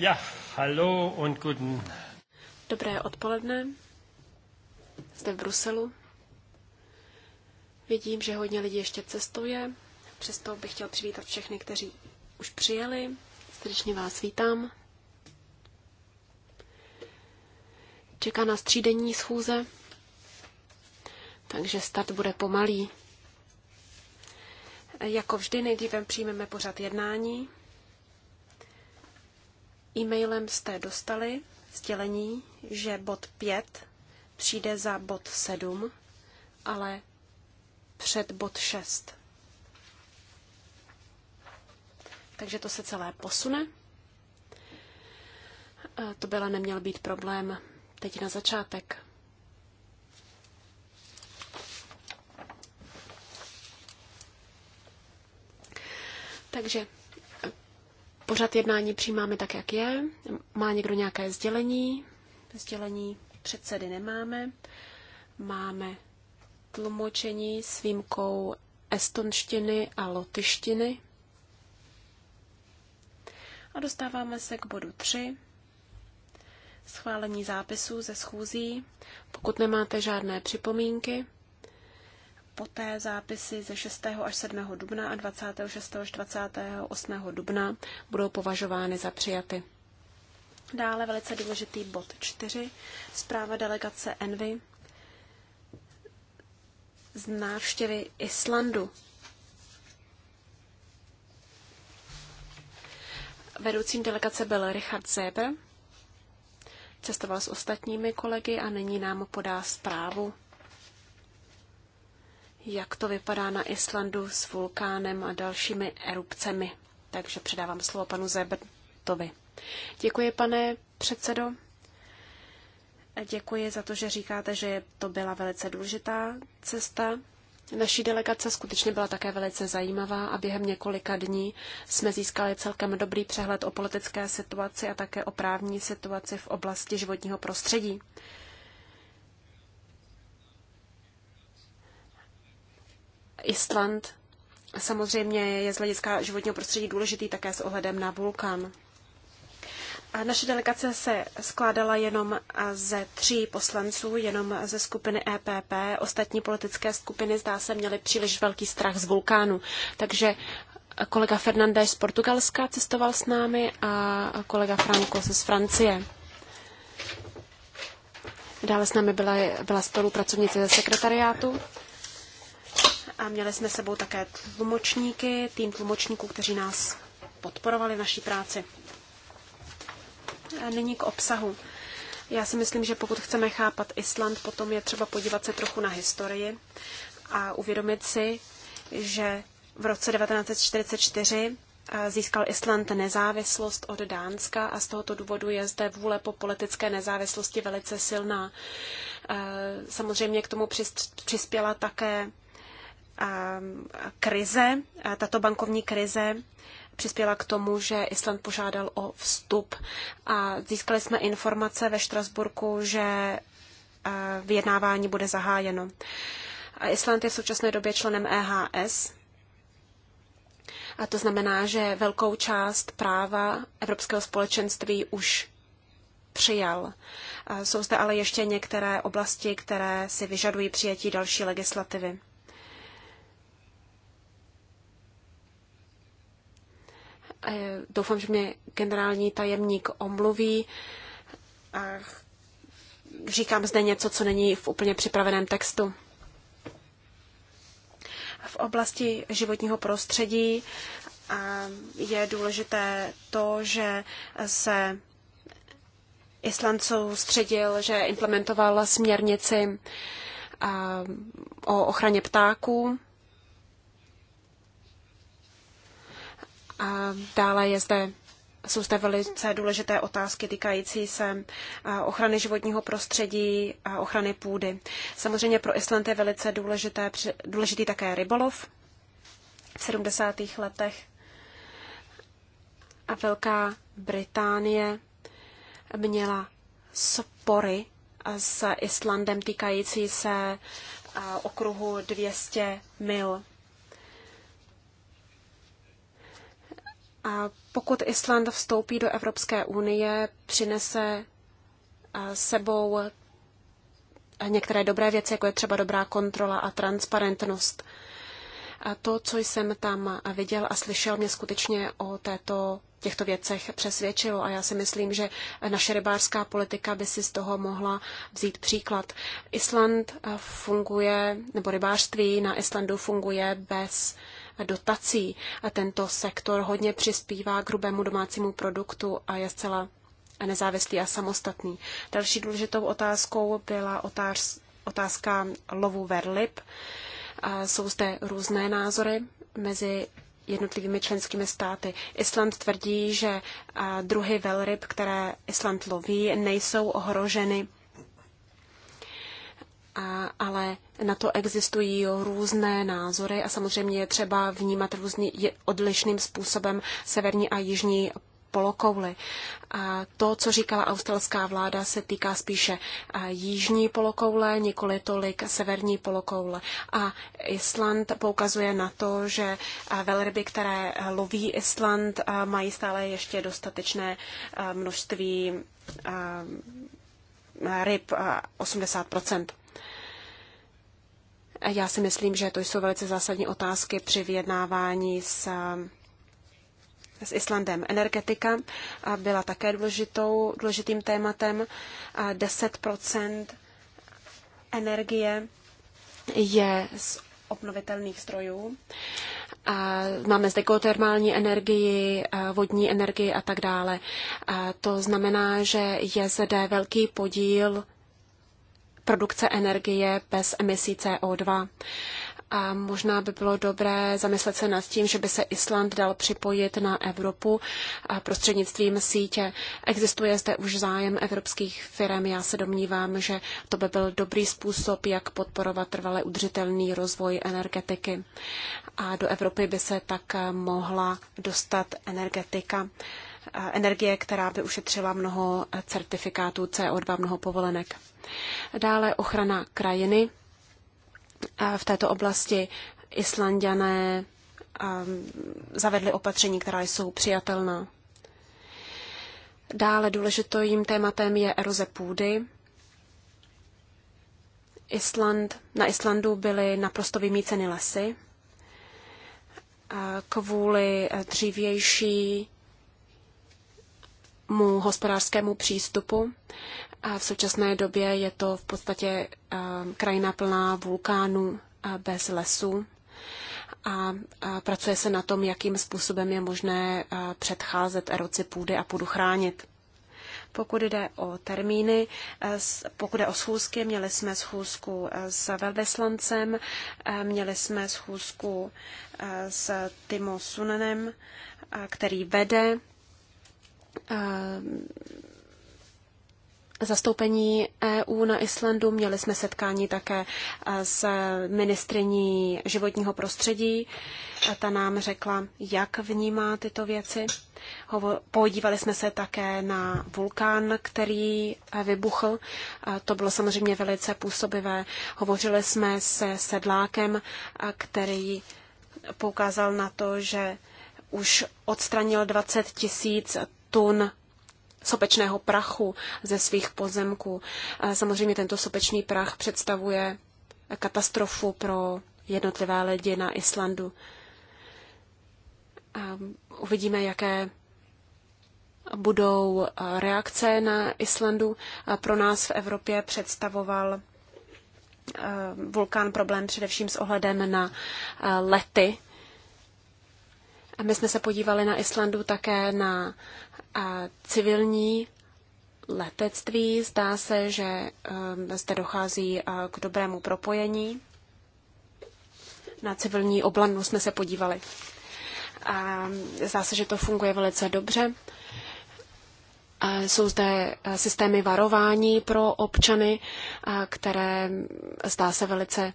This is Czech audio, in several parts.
Ja, hallo und guten. Dobré odpoledne. Jste v Bruselu. Vidím, že hodně lidí ještě cestuje. Přesto bych chtěl přivítat všechny, kteří už přijeli. Srdečně vás vítám. Čeká nás třídenní schůze, takže start bude pomalý. Jako vždy nejdříve přijmeme pořad jednání. E-mailem jste dostali sdělení, že bod 5 přijde za bod 7, ale před bod 6. Takže to se celé posune. E, to byla neměl být problém teď na začátek. Takže Pořad jednání přijímáme tak, jak je. Má někdo nějaké sdělení? Sdělení předsedy nemáme. Máme tlumočení s výjimkou estonštiny a lotyštiny. A dostáváme se k bodu 3. Schválení zápisů ze schůzí. Pokud nemáte žádné připomínky, poté zápisy ze 6. až 7. dubna a 26. až 28. dubna budou považovány za přijaty. Dále velice důležitý bod 4, zpráva delegace Envy z návštěvy Islandu. Vedoucím delegace byl Richard Zeber, cestoval s ostatními kolegy a nyní nám podá zprávu jak to vypadá na Islandu s vulkánem a dalšími erupcemi. Takže předávám slovo panu Zebertovi. Děkuji, pane předsedo. Děkuji za to, že říkáte, že to byla velice důležitá cesta. Naší delegace skutečně byla také velice zajímavá a během několika dní jsme získali celkem dobrý přehled o politické situaci a také o právní situaci v oblasti životního prostředí. Island samozřejmě je z hlediska životního prostředí důležitý také s ohledem na vulkan. A naše delegace se skládala jenom ze tří poslanců, jenom ze skupiny EPP. Ostatní politické skupiny, zdá se, měly příliš velký strach z vulkánu. Takže kolega Fernandez z Portugalska cestoval s námi a kolega Franco z Francie. Dále s námi byla, byla spolupracovnice ze sekretariátu a měli jsme sebou také tlumočníky, tým tlumočníků, kteří nás podporovali v naší práci. A nyní k obsahu. Já si myslím, že pokud chceme chápat Island, potom je třeba podívat se trochu na historii a uvědomit si, že v roce 1944 eh, získal Island nezávislost od Dánska a z tohoto důvodu je zde vůle po politické nezávislosti velice silná. Eh, samozřejmě k tomu přispěla také krize, tato bankovní krize přispěla k tomu, že Island požádal o vstup. A získali jsme informace ve Štrasburku, že vyjednávání bude zahájeno. A Island je v současné době členem EHS, a to znamená, že velkou část práva Evropského společenství už přijal. Jsou zde ale ještě některé oblasti, které si vyžadují přijetí další legislativy. Doufám, že mě generální tajemník omluví. Říkám zde něco, co není v úplně připraveném textu. V oblasti životního prostředí je důležité to, že se Island soustředil, že implementoval směrnici o ochraně ptáků A dále je zde, jsou zde velice důležité otázky týkající se ochrany životního prostředí a ochrany půdy. Samozřejmě pro Island je velice důležité, důležitý také rybolov. V 70. letech a Velká Británie měla spory s Islandem týkající se okruhu 200 mil. A pokud Island vstoupí do Evropské unie, přinese eh, sebou eh, některé dobré věci, jako je třeba dobrá kontrola a transparentnost. A to, co jsem tam viděl a slyšel, mě skutečně o této těchto věcech přesvědčilo a já si myslím, že naše rybářská politika by si z toho mohla vzít příklad. Island eh, funguje, nebo rybářství na Islandu funguje bez dotací. A tento sektor hodně přispívá k hrubému domácímu produktu a je zcela nezávislý a samostatný. Další důležitou otázkou byla otázka lovu verlip. A jsou zde různé názory mezi jednotlivými členskými státy. Island tvrdí, že druhy velryb, které Island loví, nejsou ohroženy a, ale na to existují různé názory a samozřejmě je třeba vnímat různý, odlišným způsobem severní a jižní polokouly. A to, co říkala australská vláda, se týká spíše jižní polokoule, nikoli tolik severní polokoule. A Island poukazuje na to, že velryby, které loví Island, mají stále ještě dostatečné množství ryb, 80 já si myslím, že to jsou velice zásadní otázky při vyjednávání s, s Islandem. Energetika byla také důležitou, důležitým tématem. 10 energie je z obnovitelných zdrojů. A máme zde geotermální energii, vodní energii a tak dále. A to znamená, že je zde velký podíl produkce energie bez emisí CO2. A možná by bylo dobré zamyslet se nad tím, že by se Island dal připojit na Evropu prostřednictvím sítě. Existuje zde už zájem evropských firm. Já se domnívám, že to by byl dobrý způsob, jak podporovat trvale udržitelný rozvoj energetiky. A do Evropy by se tak mohla dostat energetika energie, která by ušetřila mnoho certifikátů CO2, mnoho povolenek. Dále ochrana krajiny. V této oblasti Islandiané um, zavedli opatření, která jsou přijatelná. Dále důležitým tématem je eroze půdy. Island, na Islandu byly naprosto vymíceny lesy kvůli dřívější mu hospodářskému přístupu. A v současné době je to v podstatě eh, krajina plná vulkánů eh, bez lesů. A, eh, pracuje se na tom, jakým způsobem je možné předcházet eroci půdy a půdu chránit. Pokud jde o termíny, pokud jde o schůzky, měli jsme schůzku s velvyslancem, měli jsme schůzku s Timo Sunenem, který vede Eh, zastoupení EU na Islandu. Měli jsme setkání také eh, s ministriní životního prostředí. Eh, ta nám řekla, jak vnímá tyto věci. Podívali jsme se také na vulkán, který vybuchl. To bylo samozřejmě velice působivé. Hovořili jsme se sedlákem, který poukázal na to, že už odstranil 20 tisíc tun sopečného prachu ze svých pozemků. Samozřejmě tento sopečný prach představuje katastrofu pro jednotlivé lidi na Islandu. Uvidíme, jaké budou reakce na Islandu. Pro nás v Evropě představoval vulkán problém především s ohledem na lety. A my jsme se podívali na Islandu také na a civilní letectví. Zdá se, že um, zde dochází uh, k dobrému propojení. Na civilní oblanu jsme se podívali. A zdá se, že to funguje velice dobře. Jsou zde uh, systémy varování pro občany, uh, které zdá se velice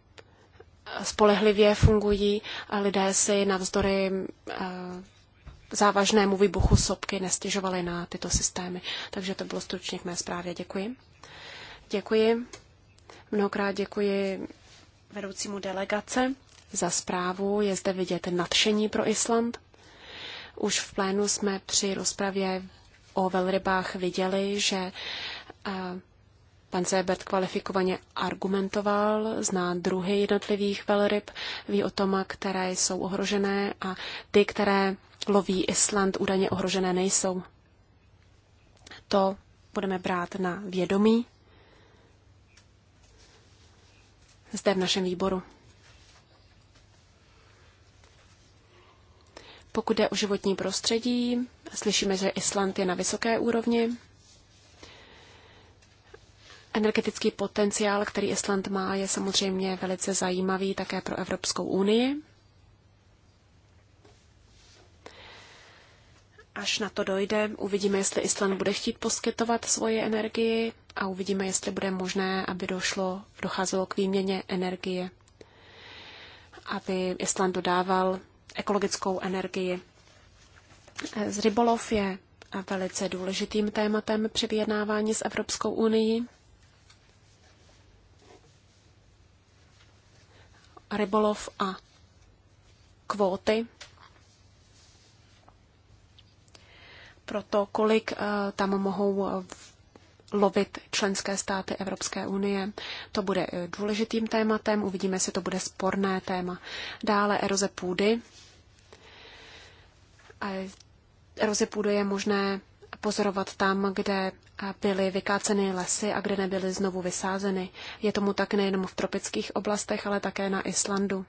spolehlivě fungují. Lidé si navzdory závažnému výbuchu sopky nestěžovali na tyto systémy. Takže to bylo stručně k mé zprávě. Děkuji. Děkuji. Mnohokrát děkuji vedoucímu delegace za zprávu. Je zde vidět nadšení pro Island. Už v plénu jsme při rozpravě o velrybách viděli, že eh, pan Zébert kvalifikovaně argumentoval, zná druhy jednotlivých velryb, ví o tom, které jsou ohrožené a ty, které loví Island údajně ohrožené nejsou. To budeme brát na vědomí zde v našem výboru. Pokud jde o životní prostředí, slyšíme, že Island je na vysoké úrovni. Energetický potenciál, který Island má, je samozřejmě velice zajímavý také pro Evropskou unii. Až na to dojde, uvidíme, jestli Island bude chtít poskytovat svoji energii a uvidíme, jestli bude možné, aby došlo, docházelo k výměně energie, aby Island dodával ekologickou energii. Z rybolov je velice důležitým tématem při vyjednávání s Evropskou unii. Rybolov a kvóty pro to, kolik eh, tam mohou eh, lovit členské státy Evropské unie. To bude eh, důležitým tématem, uvidíme, jestli to bude sporné téma. Dále eroze půdy. Eroze půdy je možné pozorovat tam, kde byly vykáceny lesy a kde nebyly znovu vysázeny. Je tomu tak nejenom v tropických oblastech, ale také na Islandu.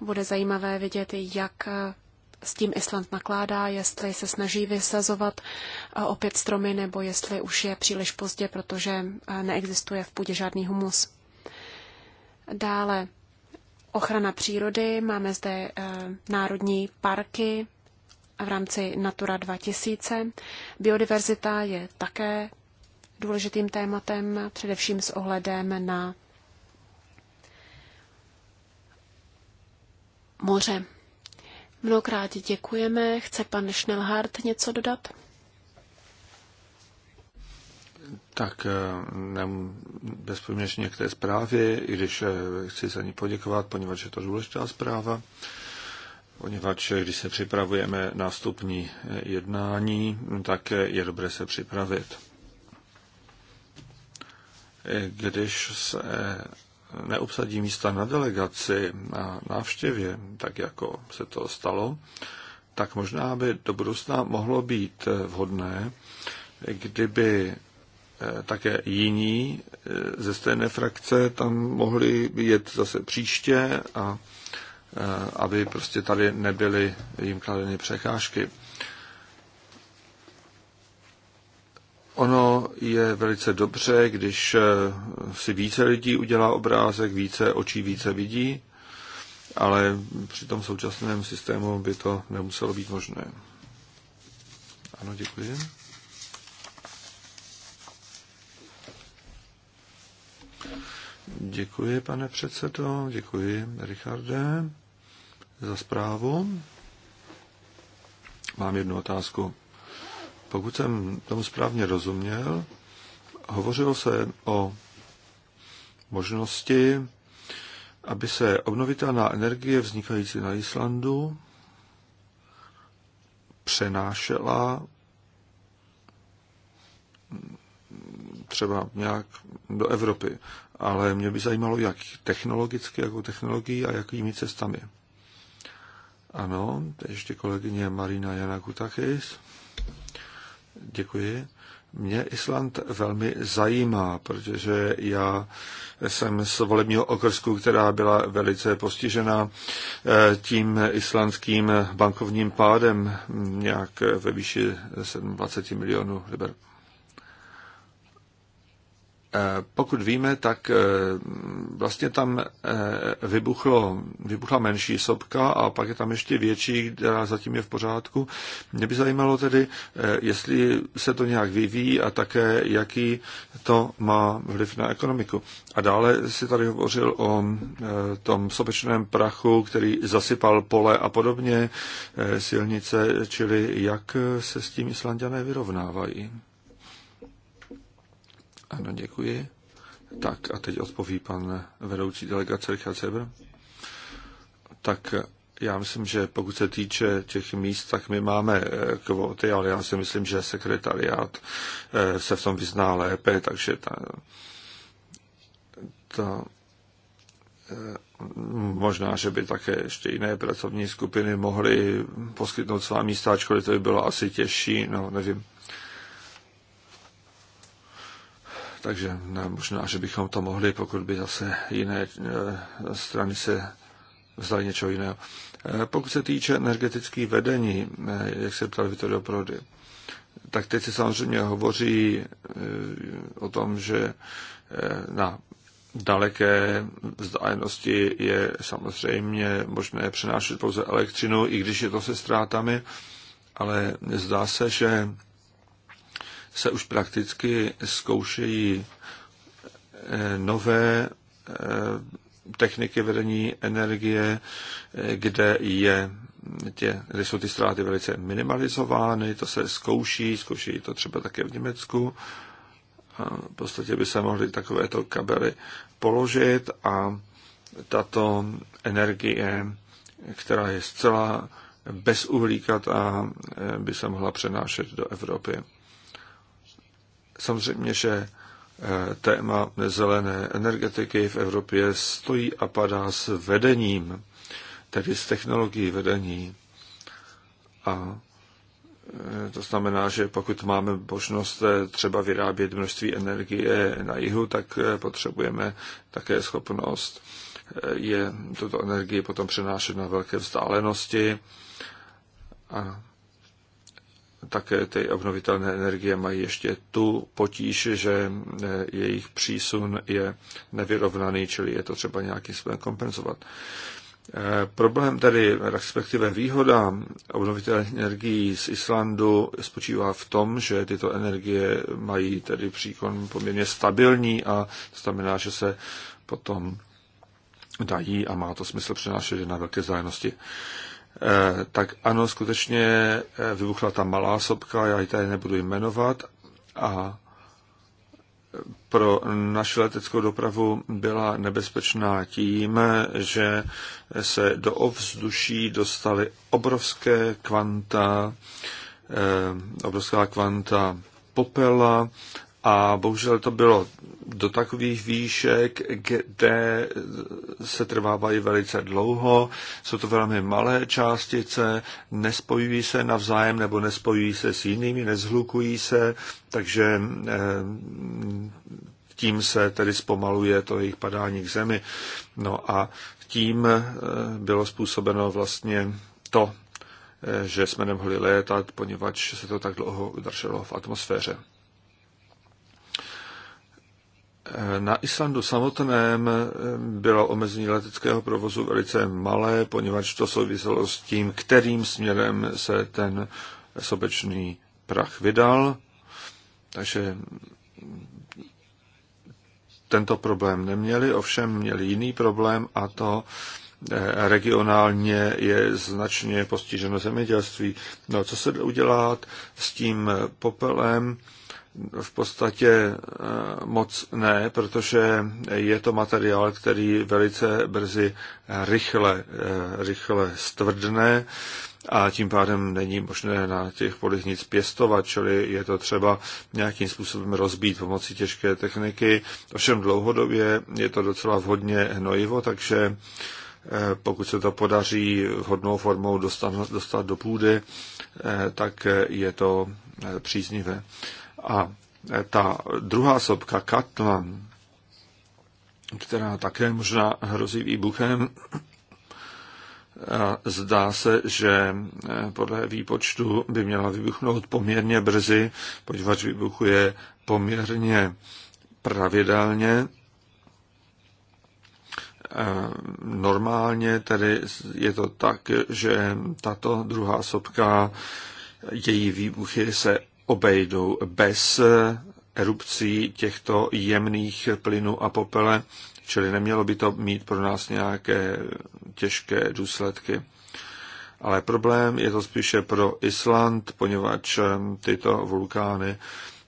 Bude zajímavé vidět, jak s tím Island nakládá, jestli se snaží vysazovat eh, opět stromy, nebo jestli už je příliš pozdě, protože eh, neexistuje v půdě žádný humus. Dále ochrana přírody. Máme zde eh, národní parky v rámci Natura 2000. Biodiverzita je také důležitým tématem, především s ohledem na moře. Mnohokrát děkujeme. Chce pan Schnellhardt něco dodat? Tak eh, bezpoměrně k té zprávě, i když eh, chci za ní poděkovat, poněvadž je to důležitá zpráva, poněvadž eh, když se připravujeme nástupní jednání, tak je dobré se připravit. Když se neobsadí místa na delegaci, na návštěvě, tak jako se to stalo, tak možná by do budoucna mohlo být vhodné, kdyby eh, také jiní eh, ze stejné frakce tam mohli jet zase příště a eh, aby prostě tady nebyly jim kladeny překážky. Ono je velice dobře, když eh, si více lidí udělá obrázek, více očí více vidí, ale při tom současném systému by to nemuselo být možné. Ano, děkuji. Děkuji, pane předsedo, děkuji, Richarde, za zprávu. Mám jednu otázku. Pokud jsem tomu správně rozuměl, hovořilo se o možnosti, aby se obnovitelná energie vznikající na Islandu přenášela třeba nějak do Evropy. Ale mě by zajímalo, jak technologicky, jakou technologií a jakými cestami. Ano, ještě kolegyně Marina Jana Kutakis. Děkuji. Mě Island velmi zajímá, protože já jsem z volebního okrsku, která byla velice postižena eh, tím islandským bankovním pádem nějak ve výši 27 milionů liber. Eh, pokud víme, tak eh, vlastně tam eh, vybuchlo, vybuchla menší sopka a pak je tam ještě větší, která zatím je v pořádku. Mě by zajímalo tedy, jestli se to nějak vyvíjí a také, jaký to má vliv na ekonomiku. A dále si tady hovořil o tom sopečném prachu, který zasypal pole a podobně, silnice, čili jak se s tím Islandiané vyrovnávají. Ano, děkuji. Tak a teď odpoví pan vedoucí delegace Richard Sever. Tak já myslím, že pokud se týče těch míst, tak my máme eh, kvóty, ale já si myslím, že sekretariát eh, se v tom vyzná lépe, takže ta, ta, eh, možná, že by také ještě jiné pracovní skupiny mohly poskytnout svá místa, ačkoliv to by bylo asi těžší, no nevím. Takže možná, že bychom to mohli, pokud by zase jiné eh, strany se vzdali něčeho jiného. Eh, pokud se týče energetických vedení, eh, jak se ptal Vittorio Prody, tak teď se samozřejmě hovoří o tom, že na daleké vzdálenosti je samozřejmě možné přenášet pouze elektřinu, i když je to se ztrátami, ale zdá se, že se už prakticky zkoušejí eh, nové eh, techniky vedení energie, eh, kde je tě, kde jsou ty ztráty velice minimalizovány, to se zkouší, zkouší to třeba také v Německu. A v podstatě by se mohly takovéto kabely položit a tato energie, která je zcela a by se mohla přenášet do Evropy. Samozřejmě, že eh, téma zelené energetiky v Evropě stojí a padá s vedením, tedy s technologií vedení. A eh, to znamená, že pokud máme možnost eh, třeba vyrábět množství energie na jihu, tak potřebujeme také schopnost je tuto energii potom přenášet na velké vzdálenosti. A také ty obnovitelné energie mají ještě tu potíž, že eh, jejich přísun je nevyrovnaný, čili je to třeba nějakým způsobem kompenzovat. Eh, problém tedy, respektive výhoda obnovitelných energií z Islandu spočívá v tom, že tyto energie mají tedy příkon poměrně stabilní a to znamená, že se potom dají a má to smysl přenášet na velké zájemnosti. Eh, tak ano, skutečně eh, vybuchla ta malá sopka, já ji tady nebudu jmenovat a eh, pro naši leteckou dopravu byla nebezpečná tím, že se do ovzduší dostaly obrovské kvanta, obrovská kvanta popela a bohužel to bylo do takových výšek, kde se trvávají velice dlouho, jsou to velmi malé částice, nespojují se navzájem nebo nespojují se s jinými, nezhlukují se, takže eh, tím se tedy zpomaluje to jejich padání k zemi. No a tím eh, bylo způsobeno vlastně to, eh, že jsme nemohli létat, poněvadž se to tak dlouho udrželo v atmosféře. Na Islandu samotném bylo omezení leteckého provozu velice malé, poněvadž to souviselo s tím, kterým směrem se ten sobečný prach vydal. Takže tento problém neměli, ovšem měli jiný problém a to eh, regionálně je značně postiženo zemědělství. No, co se udělat s tím popelem? v podstatě eh, moc ne, protože je to materiál, který velice brzy eh, rychle, eh, rychle stvrdne a tím pádem není možné na těch polích nic pěstovat, čili je to třeba nějakým způsobem rozbít pomocí těžké techniky. Ovšem dlouhodobě je to docela vhodně hnojivo, takže pokud se to podaří vhodnou formou dostat, dostat do půdy, tak je to příznivé. A ta druhá sopka, Katlan, která také možná hrozí výbuchem, zdá se, že e, podle výpočtu by měla vybuchnout poměrně brzy, poněvadž vybuchuje poměrně pravidelně. E, normálně tedy je to tak, že tato druhá sopka, její výbuchy se obejdou bez eh, erupcí těchto jemných plynů a popele, čili nemělo by to mít pro nás nějaké těžké důsledky. Ale problém je to spíše pro Island, poněvadž eh, tyto vulkány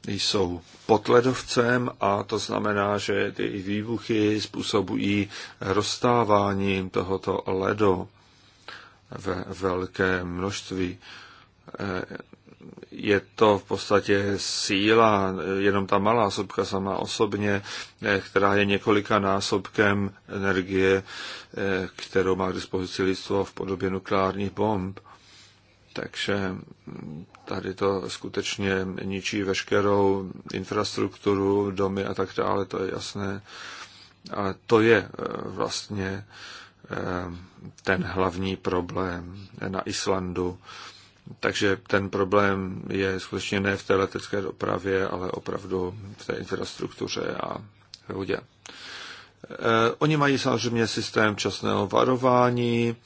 jsou pod ledovcem a to znamená, že ty výbuchy způsobují rozstávání tohoto ledu ve velké množství. Eh, je to v podstatě síla, jenom ta malá sobka sama osobně, eh, která je několika násobkem energie, eh, kterou má k dispozici lidstvo v podobě nukleárních bomb. Takže tady to skutečně ničí veškerou infrastrukturu, domy a tak dále, to je jasné. Ale to je eh, vlastně ten hlavní problém na Islandu takže ten problém je skutečně ne v té letecké dopravě, ale opravdu v té infrastruktuře a ve vodě. E, oni mají samozřejmě systém časného varování, e,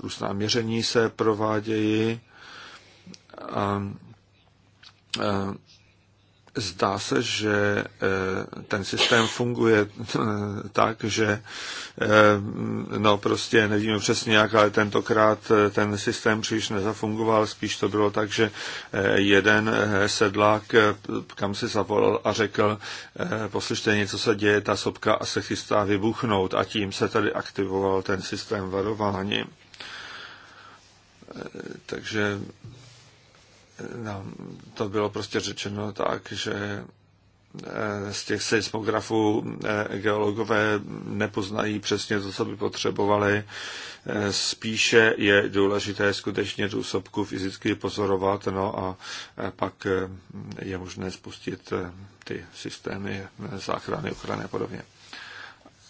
různá měření se provádějí e, Zdá se, že eh, ten systém funguje eh, tak, že eh, no prostě nevíme přesně jak, ale tentokrát ten systém příliš nezafungoval, spíš to bylo tak, že jeden sedlák kam si zavolal a řekl, poslyšte něco se děje, ta sopka a se chystá vybuchnout a tím se tady aktivoval ten systém varování. Takže no, to bylo prostě řečeno tak, že eh, z těch seismografů eh, geologové nepoznají přesně to, co by potřebovali. Eh, spíše je důležité skutečně tu sopku fyzicky pozorovat, no a pak je možné spustit ty systémy záchrany, ochrany a podobně.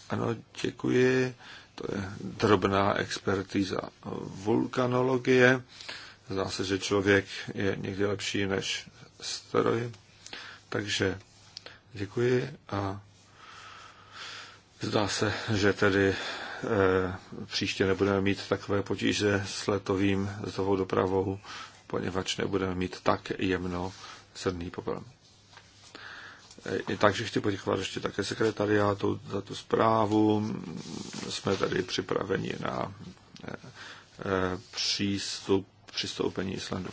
Ano, děkuji. To je drobná expertíza vulkanologie. Zdá se, že člověk je někdy lepší než stroj. Takže děkuji a zdá se, že tedy eh, příště nebudeme mít takové potíže s letovým, s dopravou, poněvadž nebudeme mít tak jemno srný popel. Eh, Takže chci poděkovat ještě také sekretariátu za tu zprávu. Jsme tady připraveni na eh, přístup přistoupení Islandu.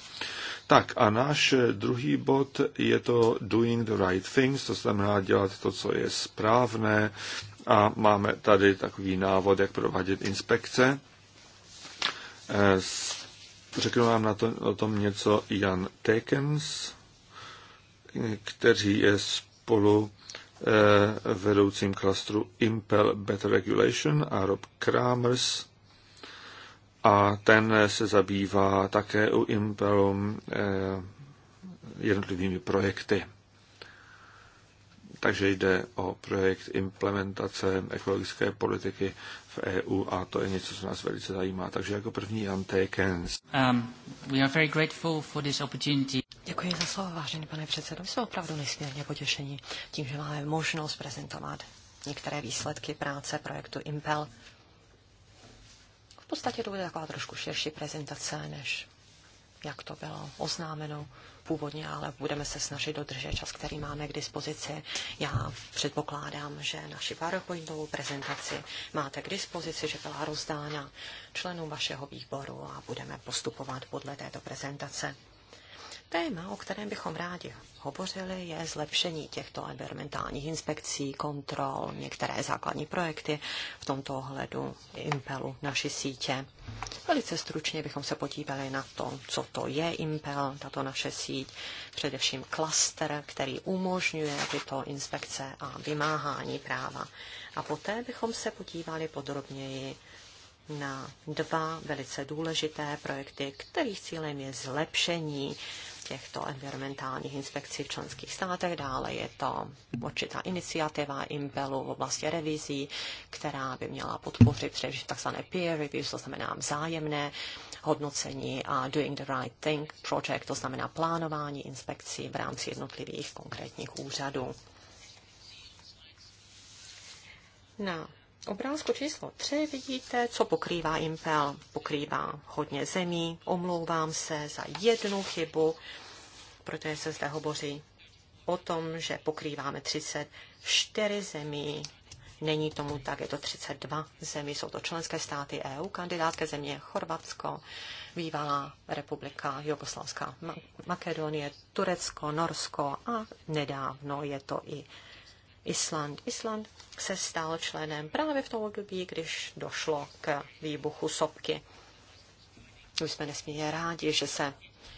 Tak a náš druhý bod je to doing the right things, to znamená dělat to, co je správné. A máme tady takový návod, jak provádět inspekce. Eh, řeknu vám na to, o tom něco Jan Tekens, který je spolu eh, vedoucím klastru Impel Better Regulation a Rob Kramers, a ten se zabývá také u Impelum eh, jednotlivými projekty. Takže jde o projekt implementace ekologické politiky v EU a to je něco, co nás velice zajímá. Takže jako první Jan Tekens. Um, we are very grateful for this opportunity. Děkuji za slovo, vážený pane předsedo. jsme opravdu nesmírně potěšení tím, že máme možnost prezentovat některé výsledky práce projektu Impel v podstatě to bude taková trošku širší prezentace, než jak to bylo oznámeno původně, ale budeme se snažit dodržet čas, který máme k dispozici. Já předpokládám, že naši PowerPointovou prezentaci máte k dispozici, že byla rozdána členům vašeho výboru a budeme postupovat podle této prezentace. Téma, o kterém bychom rádi hovořili, je zlepšení těchto environmentálních inspekcí, kontrol, některé základní projekty v tomto ohledu Impelu, naší sítě. Velice stručně bychom se podívali na to, co to je Impel, tato naše síť, především klaster, který umožňuje tyto inspekce a vymáhání práva. A poté bychom se podívali podrobněji na dva velice důležité projekty, kterých cílem je zlepšení těchto environmentálních inspekcí v členských státech. Dále je to určitá iniciativa Impelu v oblasti revizí, která by měla podpořit především tzv. peer reviews, to znamená vzájemné hodnocení a Doing the Right Thing project, to znamená plánování inspekcí v rámci jednotlivých konkrétních úřadů. Na obrázku číslo 3 vidíte, co pokrývá Impel. Pokrývá hodně zemí, omlouvám se za jednu chybu, protože se zde hovoří o tom, že pokrýváme 34 zemí, Není tomu tak, je to 32 zemí, jsou to členské státy EU, kandidátské země Chorvatsko, bývalá republika Jugoslavská Makedonie, Turecko, Norsko a nedávno je to i Island. Island se stal členem právě v tom období, když došlo k výbuchu sopky. My jsme nesmírně rádi, že se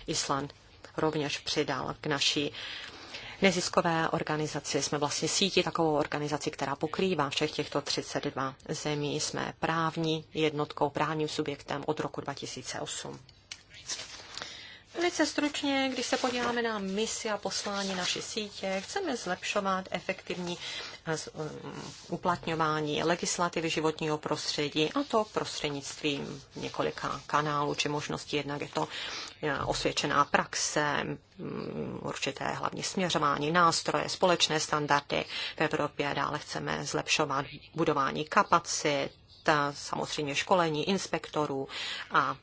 Island rovněž přidal k naší neziskové organizaci. Jsme vlastně síti takovou organizaci, která pokrývá všech těchto 32 zemí. Jsme právní jednotkou, právním subjektem od roku 2008. Velice stručně, když se podíváme na misi a poslání naší sítě, chceme zlepšovat efektivní eh, eh, uplatňování legislativy životního prostředí a to prostřednictvím několika kanálů či možností. Jednak je to eh, osvědčená praxe, mm, určité hlavně směřování nástroje, společné standardy v Evropě. Dále chceme zlepšovat budování kapacit, samozřejmě školení inspektorů a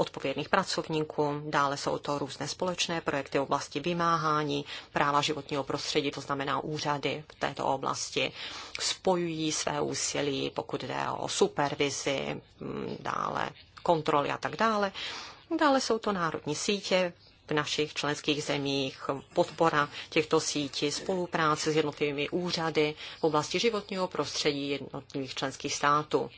odpovědných pracovníků, dále jsou to různé společné projekty v oblasti vymáhání práva životního prostředí, to znamená úřady v této oblasti spojují své úsilí, pokud jde o supervizi, mm, dále kontroly a tak dále. Dále jsou to národní sítě v našich členských zemích, podpora těchto sítí, spolupráce s jednotlivými úřady v oblasti životního prostředí jednotlivých členských států.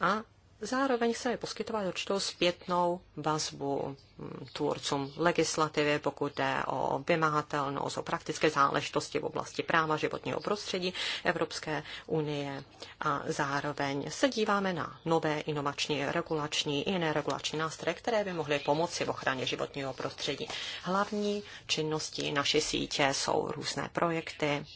A Zároveň chceme poskytovat určitou zpětnou vazbu hm, tvůrcům legislativy, pokud jde o vymahatelnost, o praktické záležitosti v oblasti práva životního prostředí Evropské unie a zároveň se díváme na nové inovační, regulační i neregulační nástroje, které by mohly pomoci v ochraně životního prostředí. Hlavní činnosti naší sítě jsou různé projekty,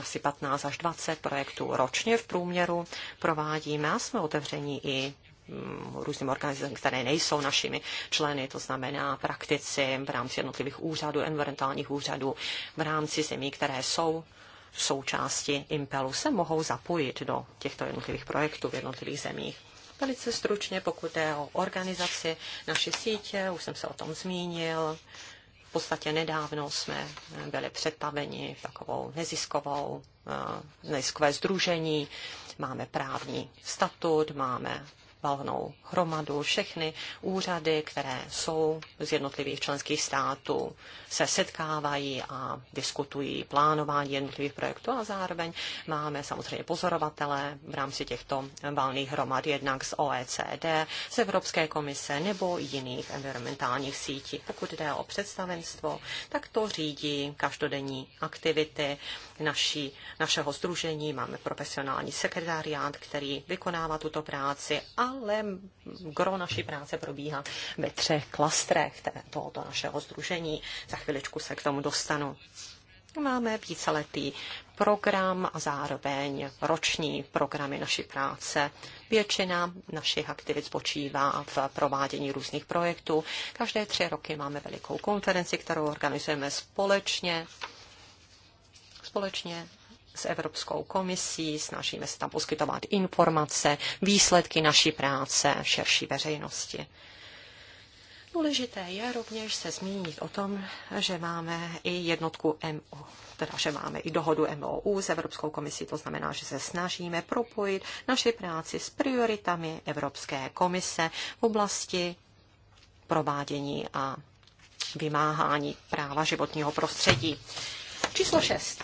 asi 15 až 20 projektů ročně v průměru provádíme a jsme otevření i mm, různým organizacím, které nejsou našimi členy, to znamená praktici v rámci jednotlivých úřadů, environmentálních úřadů, v rámci zemí, které jsou v součásti Impelu, se mohou zapojit do těchto jednotlivých projektů v jednotlivých zemích. Velice stručně, pokud je o organizaci naší sítě, už jsem se o tom zmínil, v podstatě nedávno jsme byli v takovou neziskovou, eh, neziskové združení, máme právní statut, máme valnou hromadu, všechny úřady, které jsou z jednotlivých členských států, se setkávají a diskutují plánování jednotlivých projektů a zároveň máme samozřejmě pozorovatele v rámci těchto valných hromad, jednak z OECD, z Evropské komise nebo jiných environmentálních sítí. Pokud jde o představenstvo, tak to řídí každodenní aktivity naší, našeho združení. Máme profesionální sekretariát, který vykonává tuto práci a ale gro naší práce probíhá ve třech klastrech tohoto našeho združení. Za chviličku se k tomu dostanu. Máme víceletý program a zároveň roční programy naší práce. Většina našich aktivit spočívá v provádění různých projektů. Každé tři roky máme velikou konferenci, kterou organizujeme společně společně s Evropskou komisí, snažíme se tam poskytovat informace, výsledky naší práce v širší veřejnosti. Důležité je rovněž se zmínit o tom, že máme i jednotku MO, teda že máme i dohodu MOU s Evropskou komisí, to znamená, že se snažíme propojit naši práci s prioritami Evropské komise v oblasti provádění a vymáhání práva životního prostředí. Číslo 6.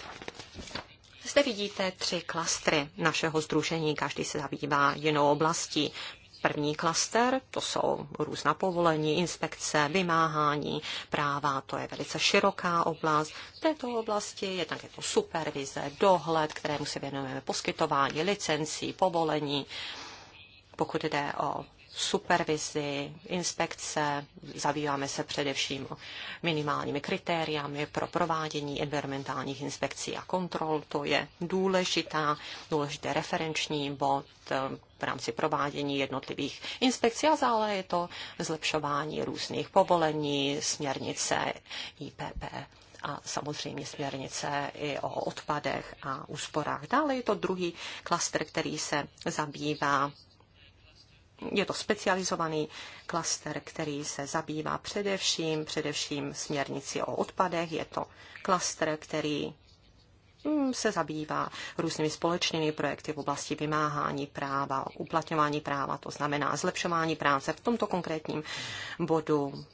Zde vidíte tři klastry našeho združení, každý se zabývá jinou oblastí. První klaster, to jsou různá povolení, inspekce, vymáhání práva, to je velice široká oblast. V této oblasti Je také to supervize, dohled, kterému se věnujeme poskytování licencí, povolení. Pokud jde o supervizi, inspekce, zabýváme se především minimálními kritériami pro provádění environmentálních inspekcí a kontrol. To je důležitá, důležité referenční bod eh, v rámci provádění jednotlivých inspekcí a zále je to zlepšování různých povolení, směrnice IPP a samozřejmě směrnice i o odpadech a úsporách. Dále je to druhý klaster, který se zabývá je to specializovaný klaster, který se zabývá především, především směrnici o odpadech. Je to klaster, který mm, se zabývá různými společnými projekty v oblasti vymáhání práva, uplatňování práva, to znamená zlepšování práce v tomto konkrétním bodu, mm,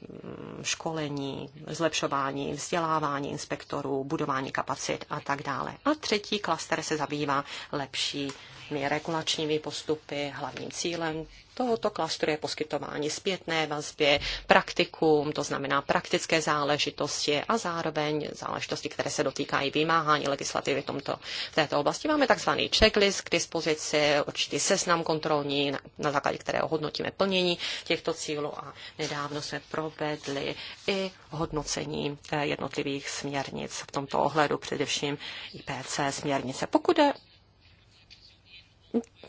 školení, zlepšování, vzdělávání inspektorů, budování kapacit a tak dále. A třetí klaster se zabývá lepší platnými regulačními postupy. Hlavním cílem tohoto klastru je poskytování zpětné vazby praktikum to znamená praktické záležitosti a zároveň záležitosti, které se dotýkají vymáhání legislativy v, tomto, v této oblasti. Máme takzvaný checklist k dispozici, určitý seznam kontrolní, na, na základě kterého hodnotíme plnění těchto cílů a nedávno se provedli i hodnocení eh, jednotlivých směrnic v tomto ohledu, především IPC směrnice. Pokud je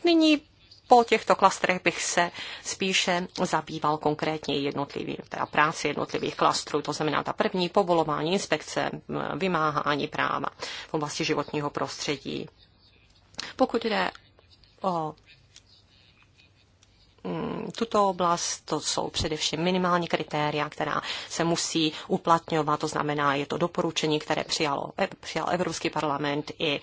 Nyní po těchto klastrech bych se spíše zabýval konkrétně jednotlivý, teda práci jednotlivých klastrů, to znamená ta první povolování inspekce, vymáhání práva v oblasti životního prostředí. Pokud jde o mm, tuto oblast, to jsou především minimální kritéria, která se musí uplatňovat, to znamená, je to doporučení, které přijalo, eh, přijal Evropský parlament i,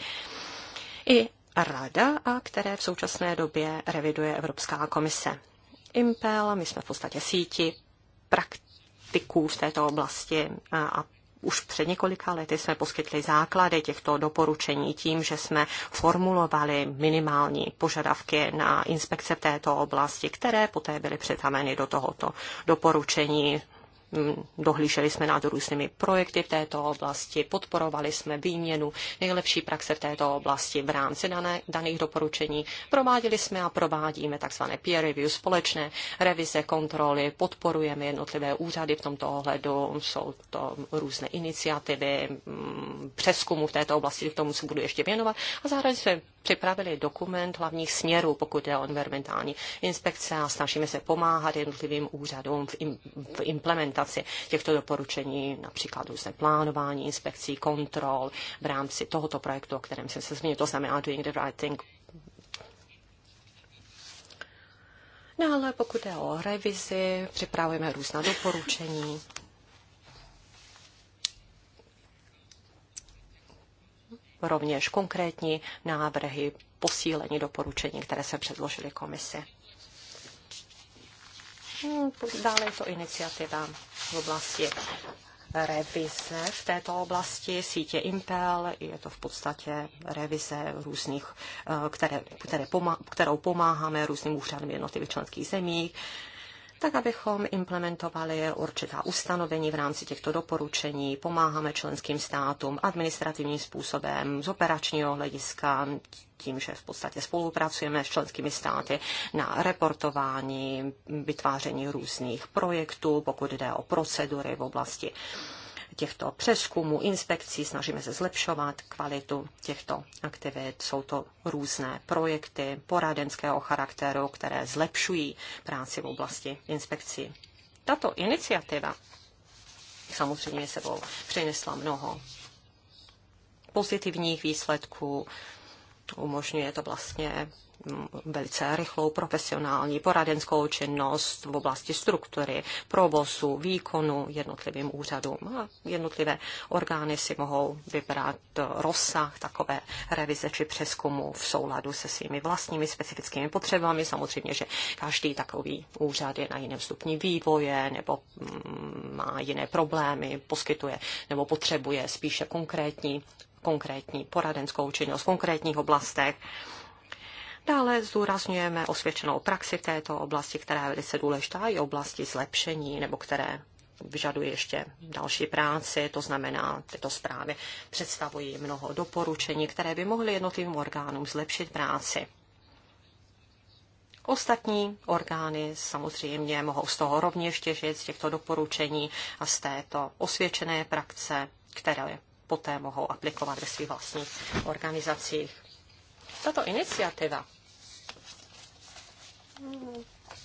i Rada a které v současné době reviduje Evropská komise. Impel, my jsme v podstatě síti praktiků v této oblasti a už před několika lety jsme poskytli základy těchto doporučení tím, že jsme formulovali minimální požadavky na inspekce v této oblasti, které poté byly přetameny do tohoto doporučení Mm, dohlíželi jsme nad různými projekty v této oblasti, podporovali jsme výměnu nejlepší praxe v této oblasti v rámci dané, daných doporučení, prováděli jsme a provádíme tzv. peer review, společné revize, kontroly, podporujeme jednotlivé úřady v tomto ohledu, jsou to různé iniciativy, mm, přeskumu v této oblasti, k tomu se budu ještě věnovat a zároveň jsme připravili dokument hlavních směrů, pokud je o environmentální inspekce a snažíme se pomáhat jednotlivým úřadům v, im, v implementaci těchto doporučení, například různé plánování inspekcí, kontrol v rámci tohoto projektu, o kterém jsem se zmínil, to znamená Doing the Right Thing No ale pokud je o revizi, připravujeme různá doporučení rovněž konkrétní návrhy posílení doporučení, které se předložily komisi. Hmm, dále je to iniciativa v oblasti revize v této oblasti, sítě Impel, je to v podstatě revize různých, eh, které, které pomá, kterou pomáháme různým úřadům jednotlivých členských zemí tak abychom implementovali určitá ustanovení v rámci těchto doporučení, pomáháme členským státům administrativním způsobem z operačního hlediska, tím, že v podstatě spolupracujeme s členskými státy na reportování, vytváření různých projektů, pokud jde o procedury v oblasti těchto přeskumů, inspekcí, snažíme se zlepšovat kvalitu těchto aktivit. Jsou to různé projekty poradenského charakteru, které zlepšují práci v oblasti inspekcí. Tato iniciativa samozřejmě sebou přinesla mnoho pozitivních výsledků, Umožňuje to vlastně mm, velice rychlou profesionální poradenskou činnost v oblasti struktury, provozu, výkonu jednotlivým úřadům. A jednotlivé orgány si mohou vybrat rozsah takové revize či přeskumu v souladu se svými vlastními specifickými potřebami. Samozřejmě, že každý takový úřad je na jiném stupni vývoje nebo mm, má jiné problémy, poskytuje nebo potřebuje spíše konkrétní konkrétní poradenskou činnost v konkrétních oblastech. Dále zdůrazňujeme osvědčenou praxi v této oblasti, která je velice důležitá, i oblasti zlepšení, nebo které vyžaduje ještě další práci, to znamená, tyto zprávy představují mnoho doporučení, které by mohly jednotlivým orgánům zlepšit práci. Ostatní orgány samozřejmě mohou z toho rovněž těžit, z těchto doporučení a z této osvědčené praxe, které poté mohou aplikovat ve svých vlastních organizacích. Tato iniciativa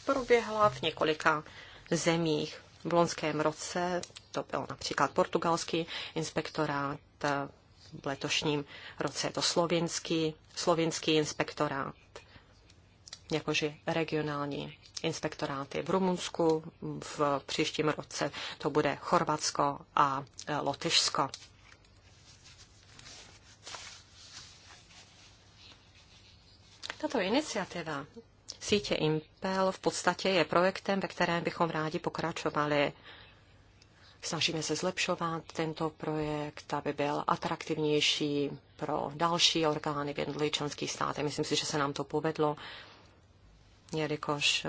proběhla v několika zemích. V loňském roce to byl například portugalský inspektorát, v letošním roce je to slovinský, slovinský inspektorát, jakože regionální inspektoráty v Rumunsku, v příštím roce to bude Chorvatsko a Lotyšsko. Tato iniciativa sítě Impel v podstatě je projektem, ve kterém bychom rádi pokračovali. Snažíme se zlepšovat tento projekt, aby byl atraktivnější pro další orgány v jednotlivých členských státech. Myslím si, že se nám to povedlo, jelikož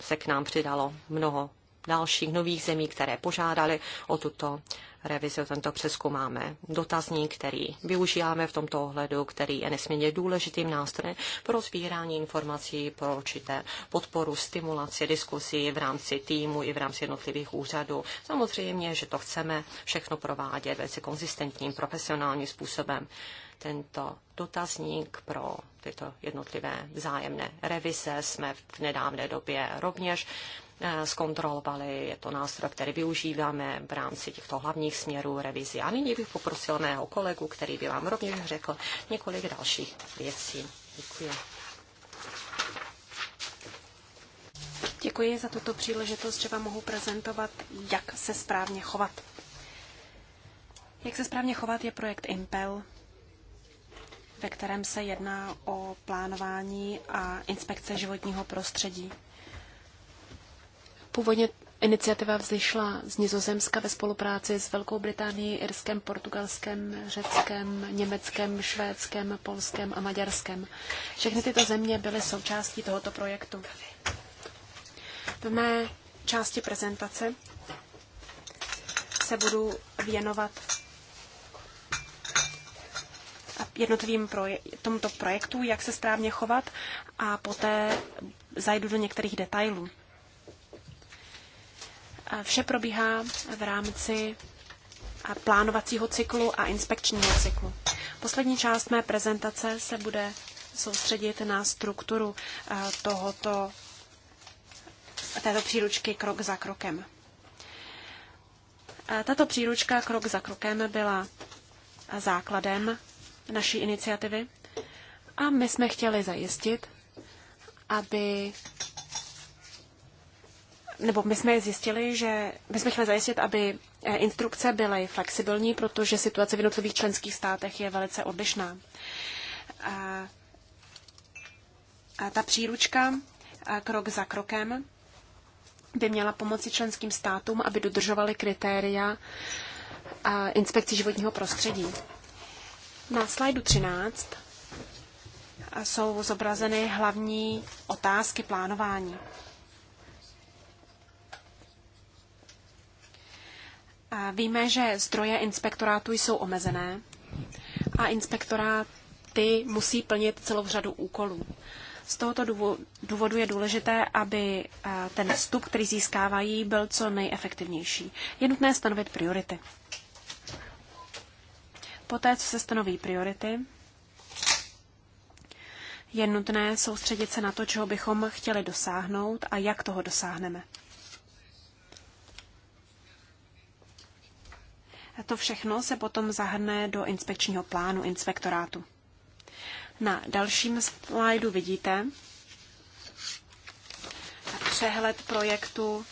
se k nám přidalo mnoho dalších nových zemí, které požádali o tuto revizi, o tento přeskum. Máme dotazník, který využíváme v tomto ohledu, který je nesmírně důležitým nástrojem pro sbírání informací, pro určité podporu, stimulaci, diskusí v rámci týmu i v rámci jednotlivých úřadů. Samozřejmě, že to chceme všechno provádět velice konzistentním, profesionálním způsobem tento dotazník pro tyto jednotlivé vzájemné revize jsme v nedávné době rovněž Eh, zkontrolovali. Je to nástroj, který využíváme v rámci těchto hlavních směrů revizi. A nyní bych poprosil mého kolegu, který by vám rovněž řekl několik dalších věcí. Děkuji. Děkuji za tuto příležitost, že vám mohu prezentovat, jak se správně chovat. Jak se správně chovat je projekt Impel, ve kterém se jedná o plánování a inspekce životního prostředí. Původně iniciativa vzešla z Nizozemska ve spolupráci s Velkou Británií, Irskem, Portugalskem, Řeckem, Německem, Švédskem, Polskem a Maďarskem. Všechny tyto země byly součástí tohoto projektu. V mé části prezentace se budu věnovat jednotlivým proje- tomto projektu, jak se správně chovat a poté zajdu do některých detailů. Vše probíhá v rámci plánovacího cyklu a inspekčního cyklu. Poslední část mé prezentace se bude soustředit na strukturu eh, tohoto, této příručky krok za krokem. Eh, tato příručka krok za krokem byla základem naší iniciativy a my jsme chtěli zajistit, aby nebo my jsme zjistili, že my jsme chtěli zajistit, aby eh, instrukce byly flexibilní, protože situace v jednotlivých členských státech je velice odlišná. A, a ta příručka a krok za krokem by měla pomoci členským státům, aby dodržovali kritéria inspekci životního prostředí. Na slajdu 13 jsou zobrazeny hlavní otázky plánování. Víme, že zdroje inspektorátu jsou omezené a inspektoráty musí plnit celou řadu úkolů. Z tohoto důvodu je důležité, aby eh, ten vstup, který získávají, byl co nejefektivnější. Je nutné stanovit priority. Poté, co se stanoví priority, je nutné soustředit se na to, čeho bychom chtěli dosáhnout a jak toho dosáhneme. To všechno se potom zahrne do inspekčního plánu inspektorátu. Na dalším slajdu vidíte přehled projektu,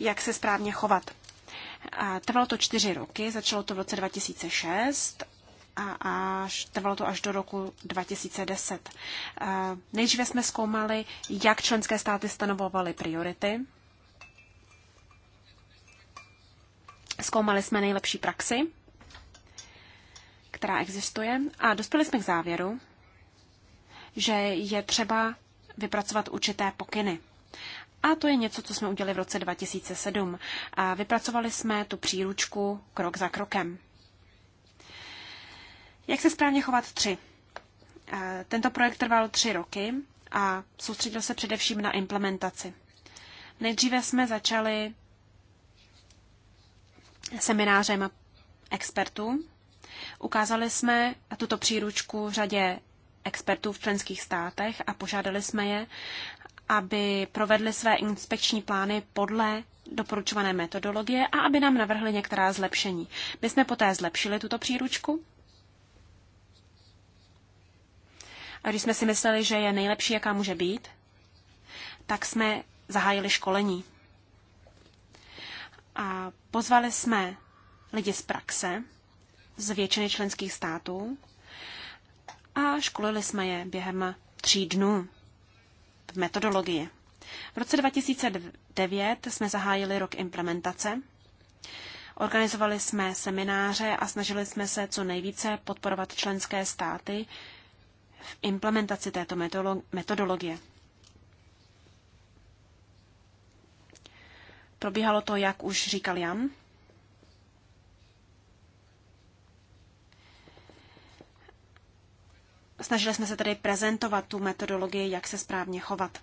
jak se správně chovat. A trvalo to čtyři roky, začalo to v roce 2006 a až, trvalo to až do roku 2010. A nejdříve jsme zkoumali, jak členské státy stanovovaly priority Zkoumali jsme nejlepší praxi, která existuje, a dospěli jsme k závěru, že je třeba vypracovat určité pokyny. A to je něco, co jsme udělali v roce 2007. A vypracovali jsme tu příručku krok za krokem. Jak se správně chovat tři? Tento projekt trval tři roky a soustředil se především na implementaci. Nejdříve jsme začali seminářem expertů. Ukázali jsme tuto příručku řadě expertů v členských státech a požádali jsme je, aby provedli své inspekční plány podle doporučované metodologie a aby nám navrhli některá zlepšení. My jsme poté zlepšili tuto příručku. A když jsme si mysleli, že je nejlepší, jaká může být, tak jsme zahájili školení. A pozvali jsme lidi z praxe, z většiny členských států a školili jsme je během tří dnů v metodologii. V roce 2009 jsme zahájili rok implementace. Organizovali jsme semináře a snažili jsme se co nejvíce podporovat členské státy v implementaci této metodologie. Probíhalo to, jak už říkal Jan. Snažili jsme se tedy prezentovat tu metodologii, jak se správně chovat.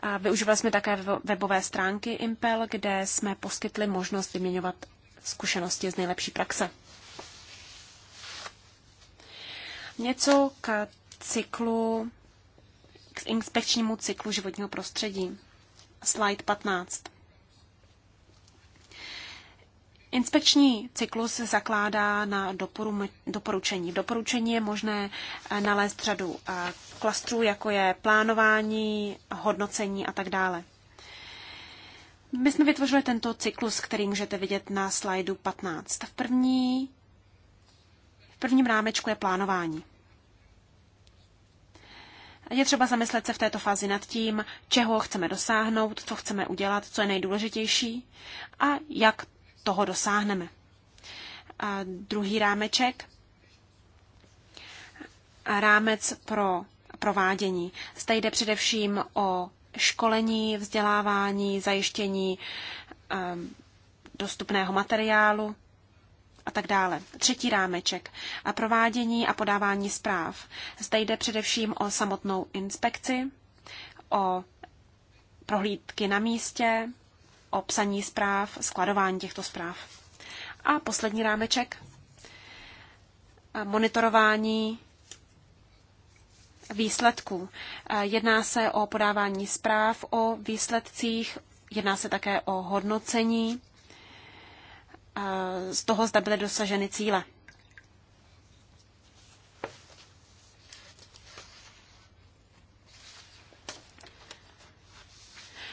A využívali jsme také webové stránky Impel, kde jsme poskytli možnost vyměňovat zkušenosti z nejlepší praxe. Něco k cyklu, k inspekčnímu cyklu životního prostředí slide 15. Inspekční cyklus se zakládá na doporučení. V doporučení je možné eh, nalézt řadu eh, klastrů, jako je plánování, hodnocení a tak dále. My jsme vytvořili tento cyklus, který můžete vidět na slajdu 15. V, první, v prvním rámečku je plánování. Je třeba zamyslet se v této fázi nad tím, čeho chceme dosáhnout, co chceme udělat, co je nejdůležitější a jak toho dosáhneme. A druhý rámeček. A rámec pro provádění. Zde jde především o školení, vzdělávání, zajištění um, dostupného materiálu a tak dále. Třetí rámeček. A provádění a podávání zpráv. Zde jde především o samotnou inspekci, o prohlídky na místě, o psaní zpráv, skladování těchto zpráv. A poslední rámeček. Monitorování výsledků. Jedná se o podávání zpráv o výsledcích, jedná se také o hodnocení z toho, zda byly dosaženy cíle.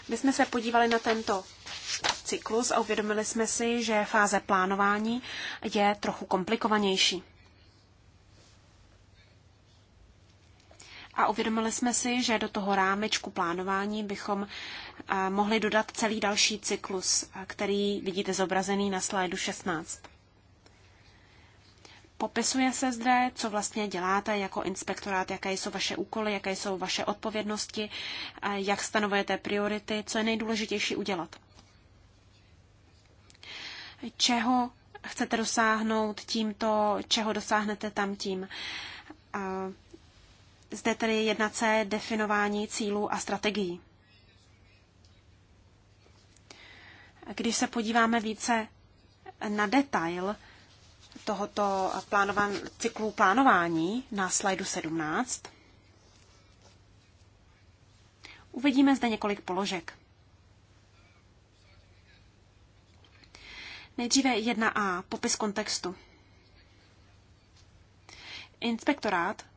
My jsme se podívali na tento cyklus a uvědomili jsme si, že fáze plánování je trochu komplikovanější. a uvědomili jsme si, že do toho rámečku plánování bychom eh, mohli dodat celý další cyklus, eh, který vidíte zobrazený na slajdu 16. Popisuje se zde, co vlastně děláte jako inspektorát, jaké jsou vaše úkoly, jaké jsou vaše odpovědnosti, eh, jak stanovujete priority, co je nejdůležitější udělat. Čeho chcete dosáhnout tímto, čeho dosáhnete tam tím. Zde tedy jedna c definování cílů a strategií. Když se podíváme více na detail tohoto plánovan, cyklu plánování na slajdu 17, uvidíme zde několik položek. Nejdříve 1A, popis kontextu. Inspektorát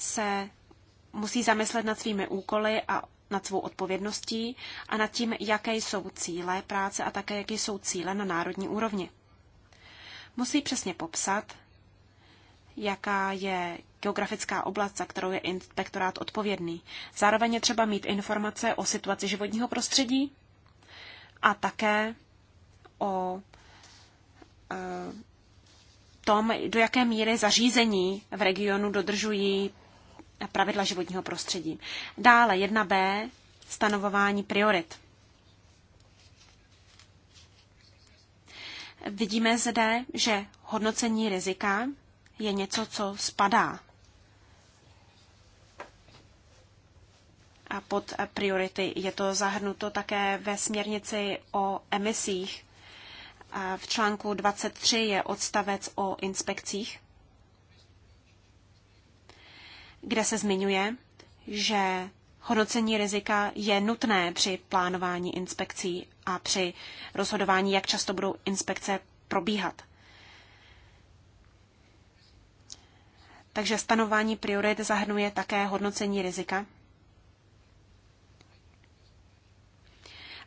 se musí zamyslet nad svými úkoly a nad svou odpovědností a nad tím, jaké jsou cíle práce a také jaké jsou cíle na národní úrovni. Musí přesně popsat, jaká je geografická oblast, za kterou je inspektorát odpovědný. Zároveň je třeba mít informace o situaci životního prostředí a také o eh, tom, do jaké míry zařízení v regionu dodržují pravidla životního prostředí. Dále 1b stanovování priorit. Vidíme zde, že hodnocení rizika je něco, co spadá a pod priority. Je to zahrnuto také ve směrnici o emisích. V článku 23 je odstavec o inspekcích kde se zmiňuje, že hodnocení rizika je nutné při plánování inspekcí a při rozhodování, jak často budou inspekce probíhat. Takže stanování priorit zahrnuje také hodnocení rizika.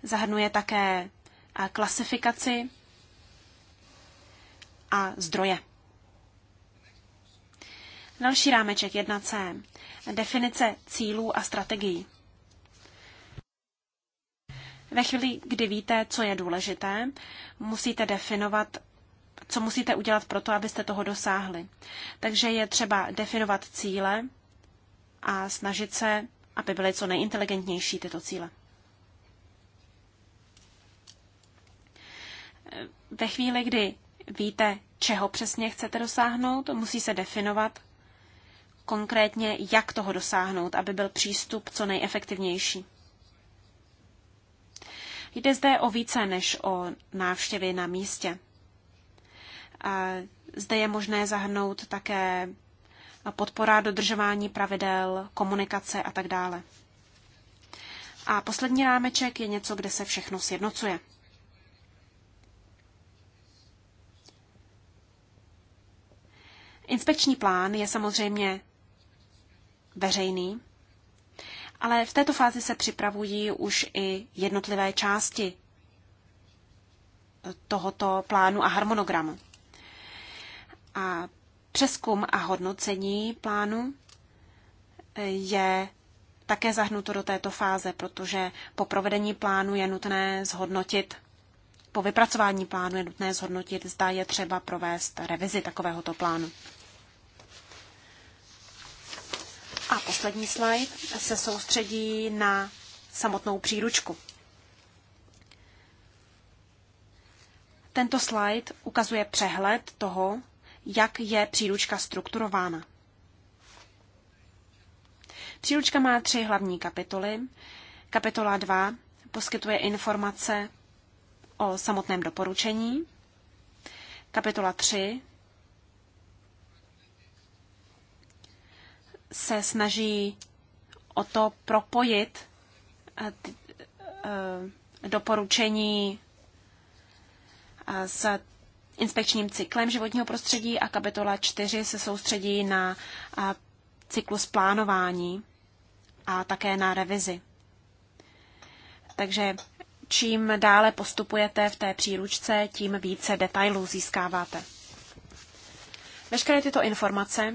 Zahrnuje také klasifikaci a zdroje. Další rámeček 1C. Definice cílů a strategií. Ve chvíli, kdy víte, co je důležité, musíte definovat, co musíte udělat pro to, abyste toho dosáhli. Takže je třeba definovat cíle a snažit se, aby byly co nejinteligentnější tyto cíle. Ve chvíli, kdy víte, čeho přesně chcete dosáhnout, musí se definovat, konkrétně, jak toho dosáhnout, aby byl přístup co nejefektivnější. Jde zde o více než o návštěvy na místě. Zde je možné zahrnout také podpora dodržování pravidel, komunikace a tak dále. A poslední rámeček je něco, kde se všechno sjednocuje. Inspekční plán je samozřejmě veřejný, ale v této fázi se připravují už i jednotlivé části tohoto plánu a harmonogramu. A přeskum a hodnocení plánu eh, je také zahnuto do této fáze, protože po provedení plánu je nutné zhodnotit, po vypracování plánu je nutné zhodnotit, zda je třeba provést revizi takovéhoto plánu. A poslední slide se soustředí na samotnou příručku. Tento slide ukazuje přehled toho, jak je příručka strukturována. Příručka má tři hlavní kapitoly. Kapitola 2 poskytuje informace o samotném doporučení. Kapitola 3 se snaží o to propojit eh, eh, doporučení eh, s inspekčním cyklem životního prostředí a kapitola 4 se soustředí na cyklus plánování a také na revizi. Takže čím dále postupujete v té příručce, tím více detailů získáváte. Veškeré tyto informace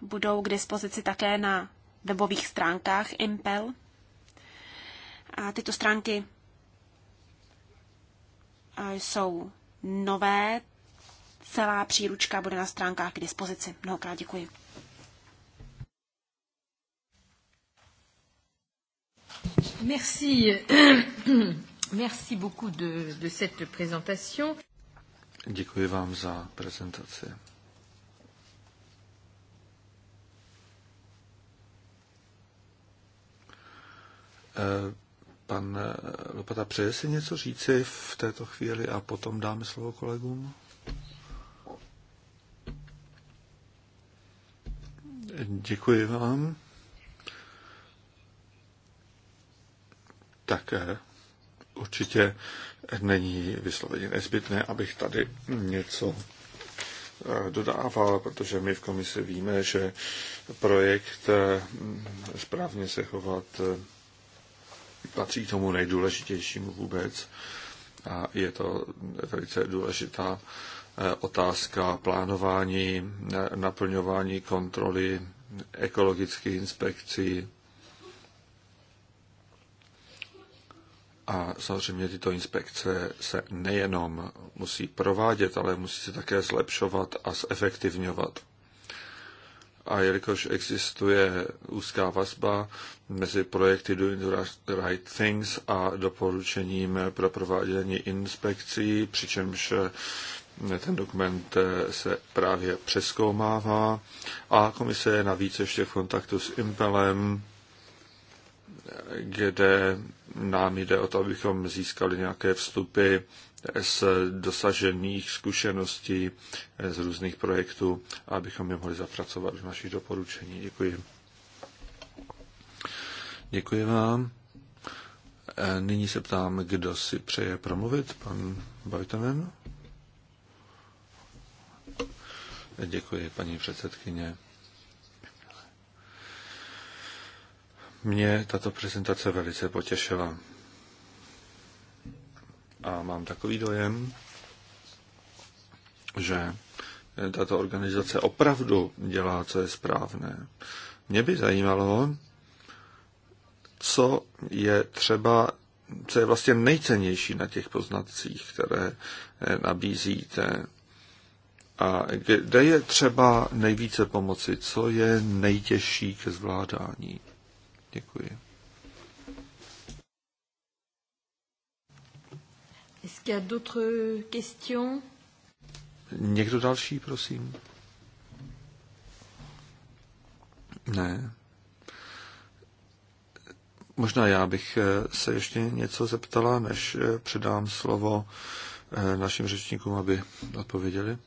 budou k dispozici také na webových stránkách Impel. A tyto stránky jsou nové, celá příručka bude na stránkách k dispozici. Mnohokrát děkuji. Merci. Merci beaucoup de, de cette présentation. Děkuji vám za prezentaci. Pan Lopata, přeje si něco říci v této chvíli a potom dáme slovo kolegům? Děkuji vám. Také eh, určitě není vysloveně nezbytné, abych tady něco eh, dodával, protože my v komisi víme, že projekt eh, správně se chovat patří k tomu nejdůležitějšímu vůbec a je to velice důležitá eh, otázka plánování, eh, naplňování kontroly ekologických inspekcí. A samozřejmě tyto inspekce se nejenom musí provádět, ale musí se také zlepšovat a zefektivňovat a jelikož existuje úzká vazba mezi projekty Doing the Right Things a doporučením pro provádění inspekcí, přičemž ten dokument se právě přeskoumává a komise je navíc ještě v kontaktu s Impelem, kde nám jde o to, abychom získali nějaké vstupy z dosažených zkušeností eh, z různých projektů, abychom je mohli zapracovat do našich doporučení. Děkuji. Děkuji vám. Eh, nyní se ptám, kdo si přeje promluvit. Pan Bajtonen. Děkuji, paní předsedkyně. Mě tato prezentace velice potěšila. A mám takový dojem, že tato organizace opravdu dělá, co je správné. Mě by zajímalo, co je třeba, co je vlastně nejcennější na těch poznatcích, které eh, nabízíte. A kde je třeba nejvíce pomoci? Co je nejtěžší ke zvládání? Děkuji. y a d'autres questions Někdo další, prosím? Ne. Možná já bych eh, se ještě něco zeptala, než eh, předám slovo eh, našim řečníkům, aby odpověděli.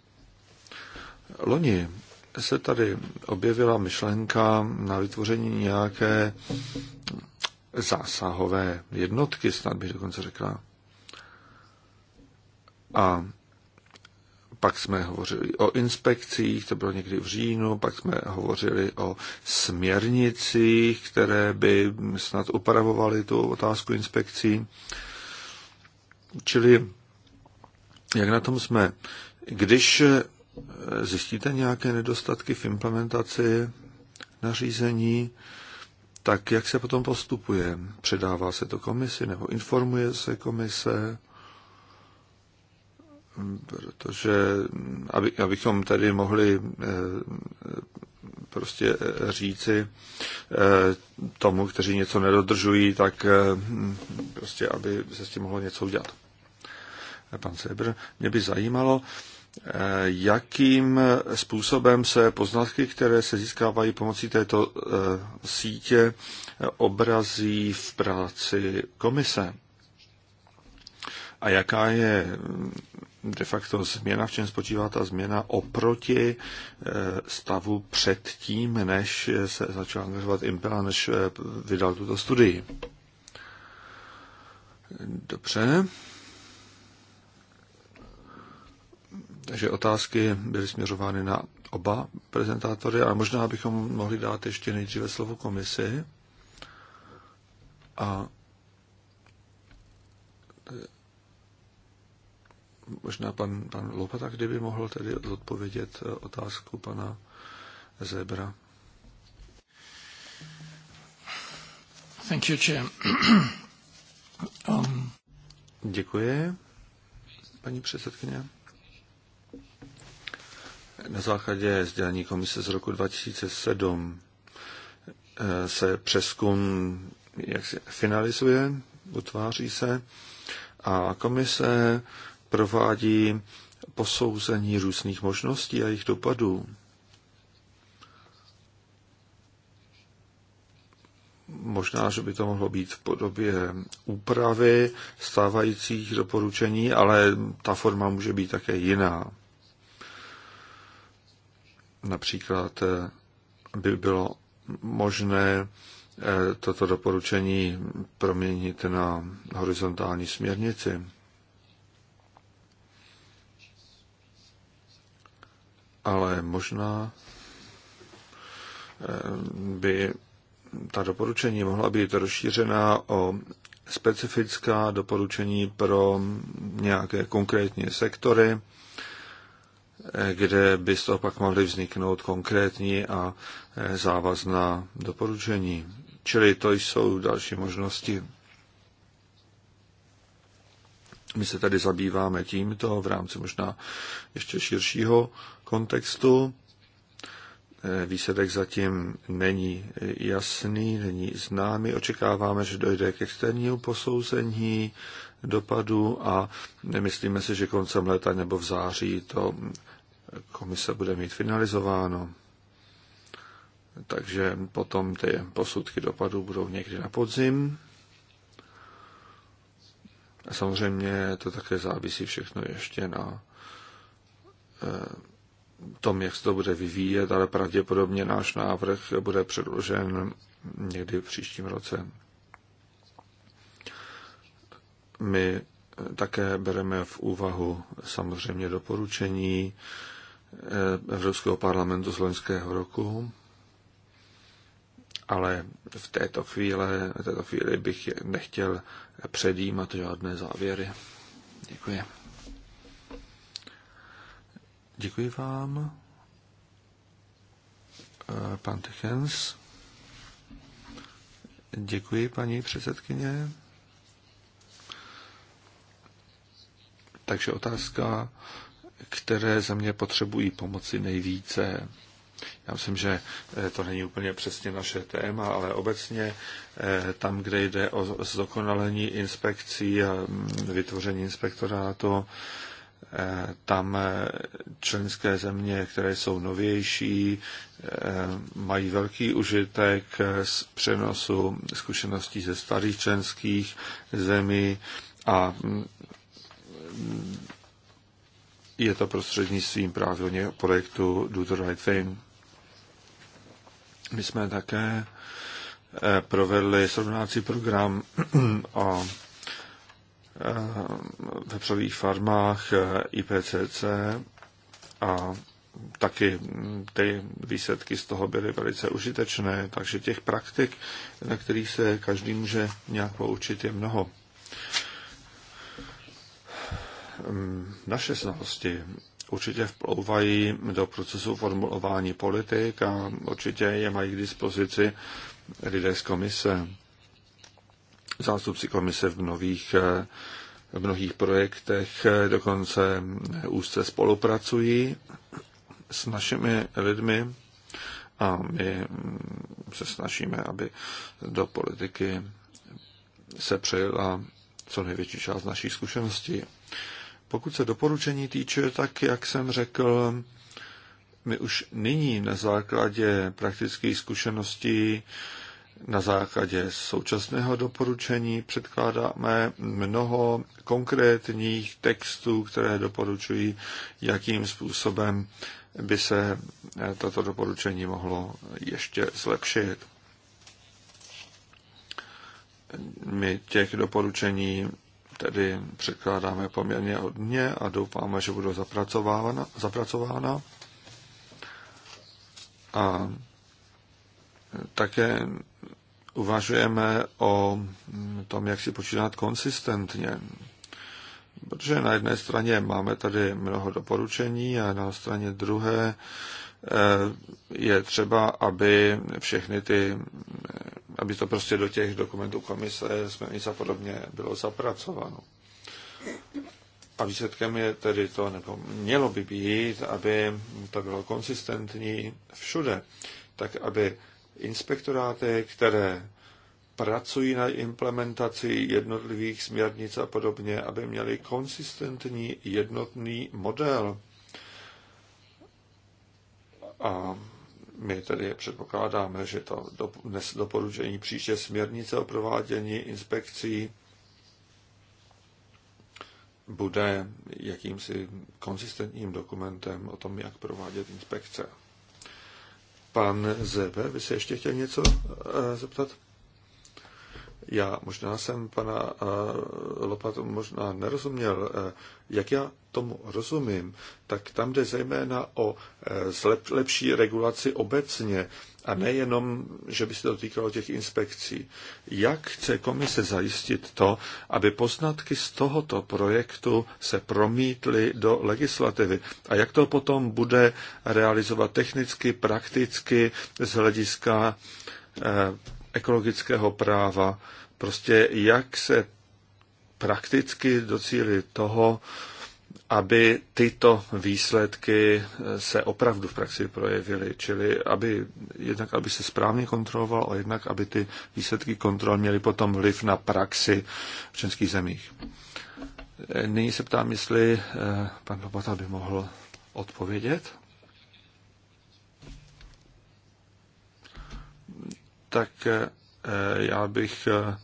Loni se tady objevila myšlenka na vytvoření nějaké zásahové jednotky, snad bych dokonce řekla. A pak jsme hovořili o inspekcích, to bylo někdy v říjnu, pak jsme hovořili o směrnicích, které by snad upravovaly tu otázku inspekcí. Čili jak na tom jsme? Když zjistíte nějaké nedostatky v implementaci nařízení, tak jak se potom postupuje? Předává se to komisi nebo informuje se komise? protože aby, abychom tady mohli eh, prostě eh, říci eh, tomu, kteří něco nedodržují, tak prostě, aby se s tím mohlo něco udělat. Pan Sebr, mě by zajímalo, jakým způsobem se poznatky, které se získávají pomocí této sítě, obrazí v práci komise. A jaká je de facto změna, v čem spočívá ta změna oproti eh, stavu předtím, než se začal angažovat Impel, než eh, vydal tuto studii. Dobře. Takže otázky byly směřovány na oba prezentátory, ale možná bychom mohli dát ještě nejdříve slovo komisi. A Možná pan, pan Lopata, kdyby mohl tedy odpovědět eh, otázku pana Zebra. Thank you, Chair. um. Děkuji, paní předsedkyně. Na základě sdělení komise z roku 2007 eh, se přeskum jak se finalizuje, utváří se a komise provádí posouzení různých možností a jejich dopadů. Možná, že by to mohlo být v podobě úpravy stávajících doporučení, ale ta forma může být také jiná. Například eh, by bylo možné eh, toto doporučení proměnit na horizontální směrnici. ale možná eh, by ta doporučení mohla být rozšířena o specifická doporučení pro nějaké konkrétní sektory, eh, kde by z toho pak mohly vzniknout konkrétní a eh, závazná doporučení. Čili to jsou další možnosti. My se tady zabýváme tímto v rámci možná ještě širšího kontextu. Eh, výsledek zatím není jasný, není známý. Očekáváme, že dojde k externímu posouzení dopadu a nemyslíme si, že koncem léta nebo v září to komise bude mít finalizováno. Takže potom ty posudky dopadu budou někdy na podzim. A samozřejmě to také závisí všechno ještě na eh, tom, jak se to bude vyvíjet, ale pravděpodobně náš návrh bude předložen někdy v příštím roce. My také bereme v úvahu samozřejmě doporučení eh, Evropského parlamentu z loňského roku, ale v této chvíli, v této chvíli bych nechtěl předjímat žádné závěry. Děkuji. Děkuji vám. Eh, pan Techens. Děkuji, paní předsedkyně. Takže otázka, které země potřebují pomoci nejvíce. Já myslím, že eh, to není úplně přesně naše téma, ale obecně eh, tam, kde jde o zdokonalení inspekcí a mm, vytvoření inspektorátu, Eh, tam eh, členské země, které jsou novější, eh, mají velký užitek z přenosu zkušeností ze starých členských zemí a mm, je to prostřednictvím právě projektu Do the Right Thing. My jsme také provedli srovnávací program o Eh, vepřových farmách eh, IPCC a taky ty výsledky z toho byly velice užitečné, takže těch praktik, na kterých se každý může nějak poučit, je mnoho. Ehm, naše znalosti určitě vplouvají do procesu formulování politik a určitě je mají k dispozici lidé z komise zástupci komise v mnohých eh, v mnohých projektech eh, dokonce eh, úzce spolupracují s našimi lidmi a my mm, se snažíme, aby do politiky se přejela co největší část našich zkušeností. Pokud se doporučení týče, tak jak jsem řekl, my už nyní na základě praktických zkušeností na základě současného doporučení předkládáme mnoho konkrétních textů, které doporučují, jakým způsobem by se eh, toto doporučení mohlo ještě zlepšit. My těch doporučení tedy překládáme poměrně hodně a doufáme, že budou zapracována. zapracována. A také uvažujeme o mm, tom, jak si počínat konsistentně. Protože na jedné straně máme tady mnoho doporučení a na straně druhé eh, je třeba, aby všechny ty, eh, aby to prostě do těch dokumentů komise, jsme i podobně bylo zapracováno. A výsledkem je tedy to, nebo mělo by být, aby to bylo konsistentní všude, tak aby inspektoráty, které pracují na implementaci jednotlivých směrnic a podobně, aby měli konsistentní jednotný model. A my tedy předpokládáme, že to dnes doporučení příště směrnice o provádění inspekcí bude jakýmsi konsistentním dokumentem o tom, jak provádět inspekce. Pan Zebe, vy se ještě chtěl něco eh, zeptat? Já možná jsem pana eh, Lopatu možná nerozuměl. Eh, jak já tomu rozumím, tak tam jde zejména o uh, lepší regulaci obecně a nejenom, že by se to týkalo těch inspekcí. Jak chce komise zajistit to, aby poznatky z tohoto projektu se promítly do legislativy? A jak to potom bude realizovat technicky, prakticky, z hlediska eh, ekologického práva? Prostě jak se prakticky docílit toho, eh, aby tyto výsledky se opravdu v praxi projevily, čili aby, jednak aby se správně kontroloval, a jednak aby ty výsledky kontrol měly potom vliv na praxi v českých zemích. Nyní se ptám, jestli eh, pan Lopata by mohl odpovědět. Tak eh, Eh, já bych eh,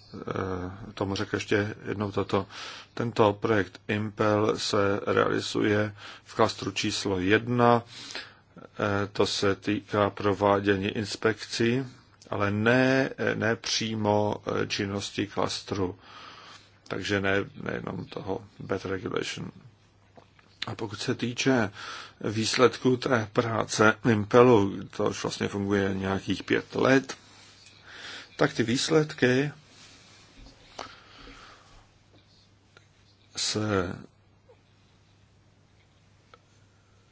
tomu řekl ještě jednou toto. Tento projekt Impel se realizuje v klastru číslo 1. Eh, to se týká provádění inspekcí, ale ne, ne přímo činnosti klastru. Takže ne, nejenom toho bad regulation. A pokud se týče výsledků té práce Impelu, to už vlastně funguje nějakých pět let, tak ty výsledky se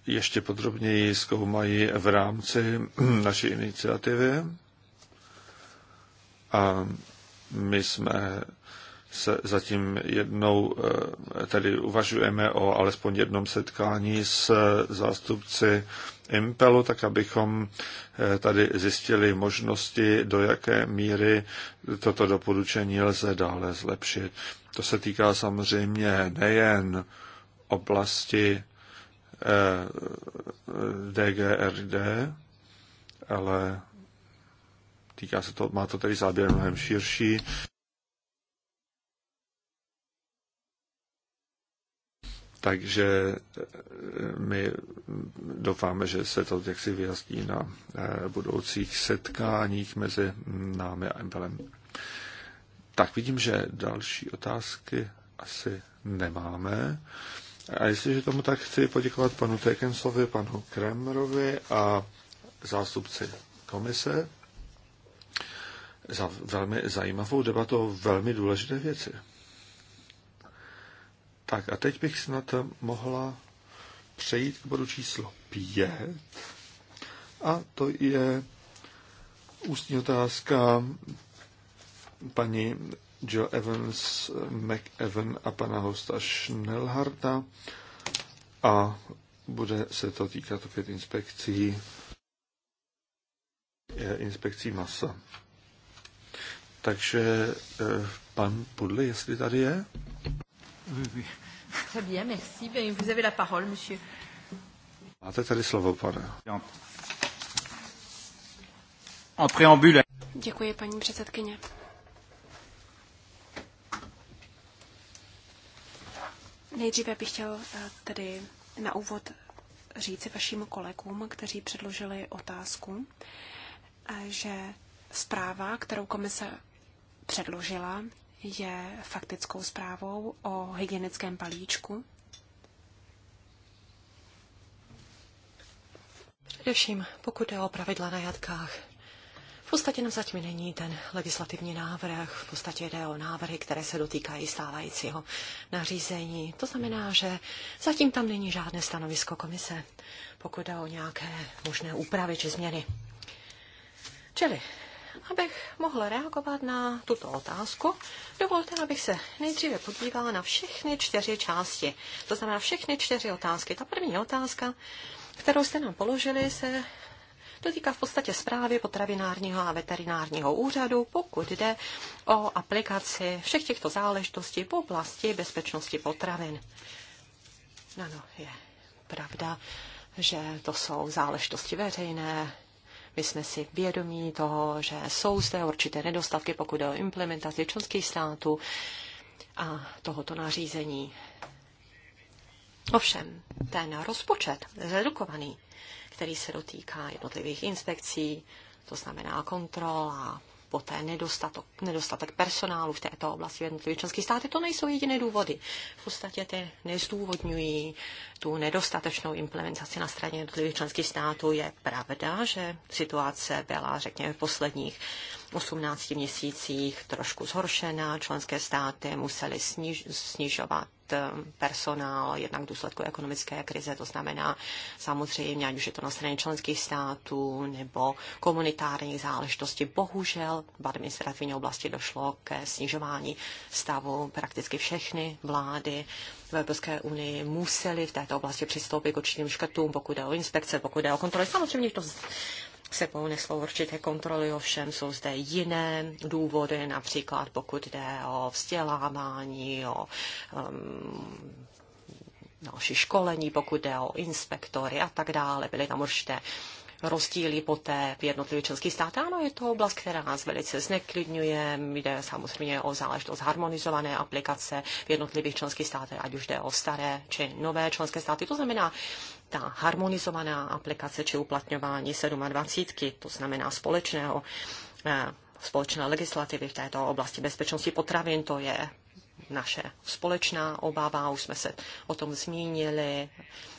ještě podrobněji zkoumají v rámci naší iniciativy. A my jsme se zatím jednou, eh, tedy uvažujeme o alespoň jednom setkání s zástupci Impelu, tak abychom eh, tady zjistili možnosti, do jaké míry toto doporučení lze dále zlepšit. To se týká samozřejmě nejen oblasti DGRD, eh, ale týká se to, má to tedy záběr mnohem širší. Takže eh, my doufáme, že se to jaksi vyjasní na eh, budoucích setkáních mezi námi a Empelem. Tak vidím, že další otázky asi nemáme. A jestliže tomu tak chci poděkovat panu Tekensovi, panu Kremerovi a zástupci komise za velmi zajímavou debatu o velmi důležité věci. Tak a teď bych snad mohla přejít k bodu číslo 5. A to je ústní otázka paní Jill Evans, McEvan a pana hosta Schnellharta. A bude se to týkat opět inspekcí, eh, inspekcí masa. Takže eh, pan Pudli, jestli tady je? Oui, oui. Très bien, merci. Ben, vous avez la parole, monsieur. Máte tady slovo, pane. En préambule. Děkuji, paní předsedkyně. Nejdříve bych chtěl eh, tedy na úvod říci vašim kolegům, kteří předložili otázku, eh, že zpráva, kterou komise předložila, je faktickou zprávou o hygienickém palíčku. Především pokud je o pravidla na jatkách. V podstatě nám zatím není ten legislativní návrh, v podstatě jde o návrhy, které se dotýkají stávajícího nařízení. To znamená, že zatím tam není žádné stanovisko komise, pokud je o nějaké možné úpravy či změny. Čili Abych mohl reagovat na tuto otázku, dovolte, abych se nejdříve podívala na všechny čtyři části. To znamená všechny čtyři otázky. Ta první otázka, kterou jste nám položili, se dotýká v podstatě zprávy potravinárního a veterinárního úřadu, pokud jde o aplikaci všech těchto záležitostí v oblasti bezpečnosti potravin. Ano, je pravda, že to jsou záležitosti veřejné, my jsme si vědomí toho, že jsou zde určité nedostatky, pokud jde o implementaci členských států a tohoto nařízení. Ovšem, ten rozpočet zredukovaný, který se dotýká jednotlivých inspekcí, to znamená kontrol a poté nedostatek, nedostatek personálu v této oblasti v jednotlivých členských státech. To nejsou jediné důvody. V podstatě ty nezdůvodňují tu nedostatečnou implementaci na straně jednotlivých členských států. Je pravda, že situace byla, řekněme, v posledních 18 měsících trošku zhoršena. Členské státy musely sniž, snižovat personál, jednak v důsledku ekonomické krize, to znamená samozřejmě, ať už je to na straně členských států nebo komunitárních záležitosti. Bohužel v administrativní oblasti došlo ke snižování stavu prakticky všechny vlády v Evropské unii museli v této oblasti přistoupit k určitým škrtům, pokud jde o inspekce, pokud jde o kontroly. Samozřejmě to sebou neslo určité kontroly, ovšem jsou zde jiné důvody, například pokud jde o vzdělávání, o um, další školení, pokud jde o inspektory a tak dále. Byly tam určité rozdíly poté v jednotlivých členských státech. Ano, je to oblast, která nás velice zneklidňuje. Jde samozřejmě o záležitost harmonizované aplikace v jednotlivých členských státech, ať už jde o staré či nové členské státy. To znamená, ta harmonizovaná aplikace či uplatňování 27, to znamená společného, eh, společné legislativy v této oblasti bezpečnosti potravin, to je naše společná obava, už jsme se o tom zmínili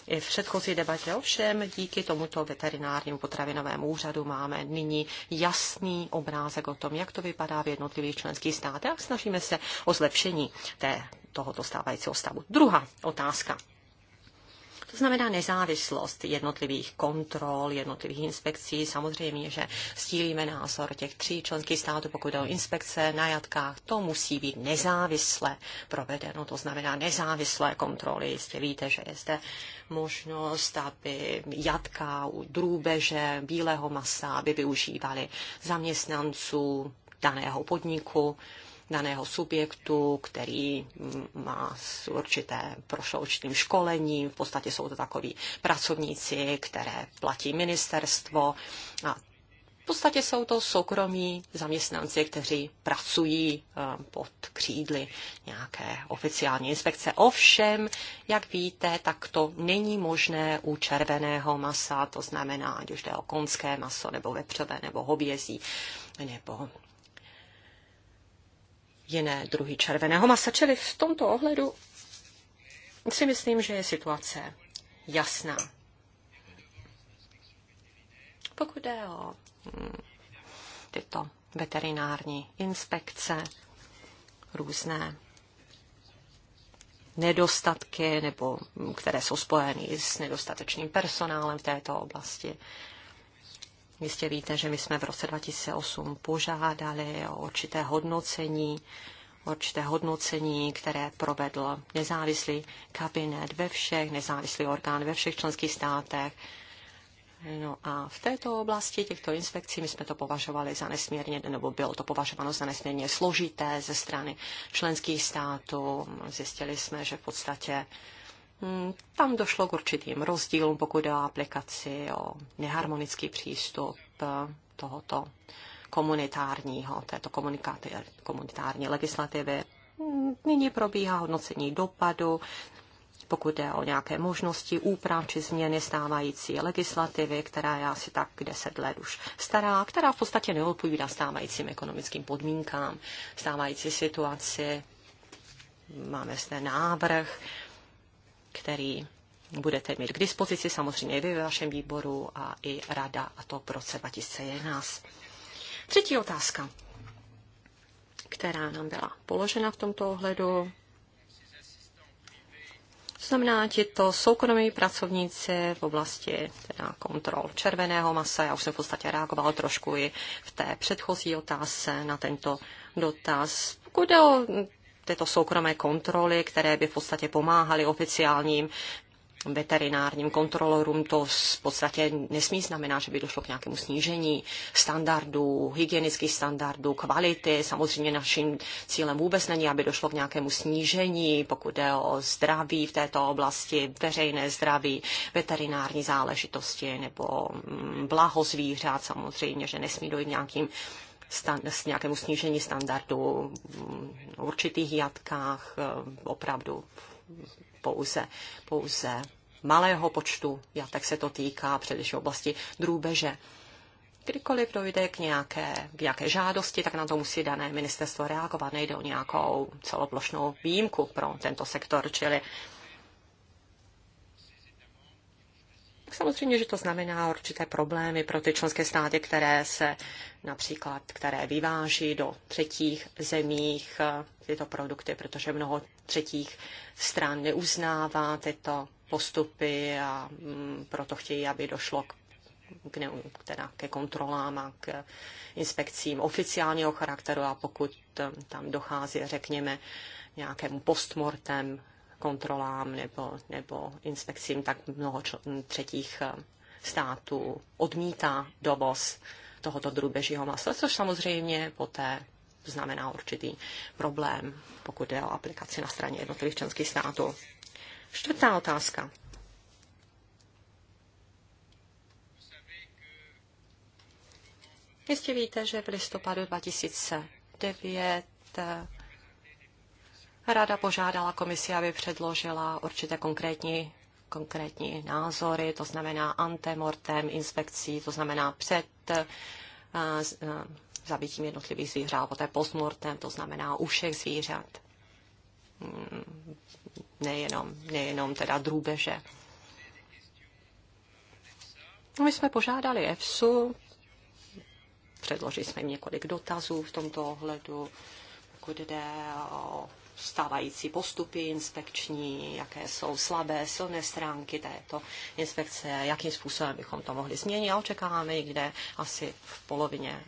i v předchozí debatě. Ovšem díky tomuto veterinárnímu potravinovému úřadu máme nyní jasný obrázek o tom, jak to vypadá v jednotlivých členských státech a snažíme se o zlepšení té, tohoto stávajícího stavu. Druhá otázka. To znamená nezávislost jednotlivých kontrol, jednotlivých inspekcí. Samozřejmě, že stílíme názor těch tří členských států, pokud jde o inspekce na jatkách, to musí být nezávisle provedeno. To znamená nezávislé kontroly. Jistě víte, že je zde možnost, aby jatka u drůbeže, bílého masa, aby využívali zaměstnanců daného podniku daného subjektu, který má určité, prošlo určitým školením, v podstatě jsou to takoví pracovníci, které platí ministerstvo a v podstatě jsou to soukromí zaměstnanci, kteří pracují eh, pod křídly nějaké oficiální inspekce. Ovšem, jak víte, tak to není možné u červeného masa, to znamená, ať už jde o konské maso, nebo vepřové, nebo hovězí, nebo jiné druhy červeného masa. Čili v tomto ohledu si myslím, že je situace jasná. Pokud jde o mm, tyto veterinární inspekce, různé nedostatky, nebo mm, které jsou spojeny s nedostatečným personálem v této oblasti, Jistě víte, že my jsme v roce 2008 požádali o určité hodnocení, určité hodnocení, které provedl nezávislý kabinet ve všech, nezávislý orgán ve všech členských státech. No a v této oblasti těchto inspekcí my jsme to považovali za nesmírně, nebo bylo to považováno za nesmírně složité ze strany členských států. Zjistili jsme, že v podstatě Mm, tam došlo k určitým rozdílům, pokud jde o aplikaci, o neharmonický přístup eh, tohoto komunitárního, této eh, komunitární legislativy. Mm, nyní probíhá hodnocení dopadu, pokud jde o nějaké možnosti úprav či změny stávající legislativy, která je asi tak 10 let už stará, která v podstatě neodpovídá stávajícím ekonomickým podmínkám, stávající situaci. Máme zde návrh který budete mít k dispozici samozřejmě i vy ve vašem výboru a i rada, a to v roce 2011. Třetí otázka, která nám byla položena v tomto ohledu, to znamená tito soukromí pracovníci v oblasti teda kontrol červeného masa. Já už jsem v podstatě reagovala trošku i v té předchozí otázce na tento dotaz. Pokud jde o tyto soukromé kontroly, které by v podstatě pomáhaly oficiálním veterinárním kontrolorům, to v podstatě nesmí znamená, že by došlo k nějakému snížení standardů, hygienických standardů, kvality. Samozřejmě naším cílem vůbec není, aby došlo k nějakému snížení, pokud jde o zdraví v této oblasti, veřejné zdraví, veterinární záležitosti nebo mm, blaho zvířat. Samozřejmě, že nesmí dojít nějakým s nějakému snížení standardu v určitých jatkách, eh, opravdu pouze, pouze malého počtu jatek se to týká, především oblasti drůbeže. Kdykoliv dojde k nějaké, k nějaké žádosti, tak na to musí dané ministerstvo reagovat. Nejde o nějakou celoplošnou výjimku pro tento sektor, čili Samozřejmě, že to znamená určité problémy pro ty členské státy, které se například, které vyváží do třetích zemích eh, tyto produkty, protože mnoho třetích stran neuznává tyto postupy a mm, proto chtějí, aby došlo k k, ne, teda ke kontrolám a k inspekcím oficiálního charakteru a pokud eh, tam dochází, řekněme, nějakému postmortem kontrolám nebo, nebo inspekcím, tak mnoho třetích eh, států odmítá dovoz tohoto drůbežího masla, což samozřejmě poté znamená určitý problém, pokud jde o aplikaci na straně jednotlivých členských států. Čtvrtá otázka. Jistě víte, že v listopadu 2009 Rada požádala komisi, aby předložila určité konkrétní konkrétní názory, to znamená antemortem inspekcí, to znamená před eh, eh, zabitím jednotlivých zvířat a poté postmortem, to znamená u všech zvířat, mm, nejenom, nejenom teda drůbeže. My jsme požádali EFSU, předložili jsme jim několik dotazů v tomto ohledu, pokud jde o stávající postupy inspekční, jaké jsou slabé, silné stránky této inspekce, jakým způsobem bychom to mohli změnit a očekáváme někde asi v polovině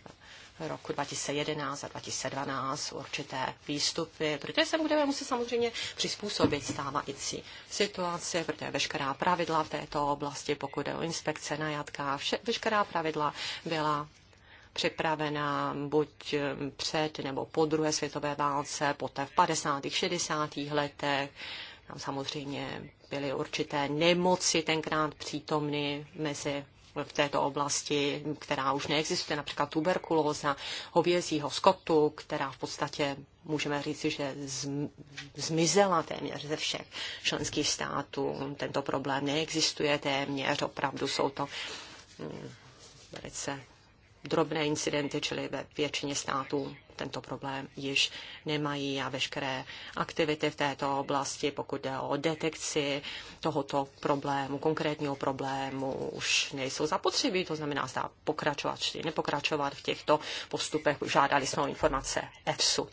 roku 2011 a 2012 určité výstupy, protože se budeme muset samozřejmě přizpůsobit stávající situaci, protože veškerá pravidla v této oblasti, pokud je o inspekce na jatka, vše, veškerá pravidla byla připravená buď eh, před nebo po druhé světové válce, poté v 50. 60. letech. Tam samozřejmě byly určité nemoci tenkrát přítomny mezi v této oblasti, která už neexistuje, například tuberkulóza hovězího skotu, která v podstatě můžeme říci, že zmizela téměř ze všech členských států. Tento problém neexistuje téměř, opravdu jsou to hm, velice drobné incidenty, čili ve většině států tento problém již nemají a veškeré aktivity v této oblasti, pokud jde o detekci tohoto problému, konkrétního problému, už nejsou zapotřebí, to znamená zda pokračovat či nepokračovat v těchto postupech. Žádali jsme o informace EFSU.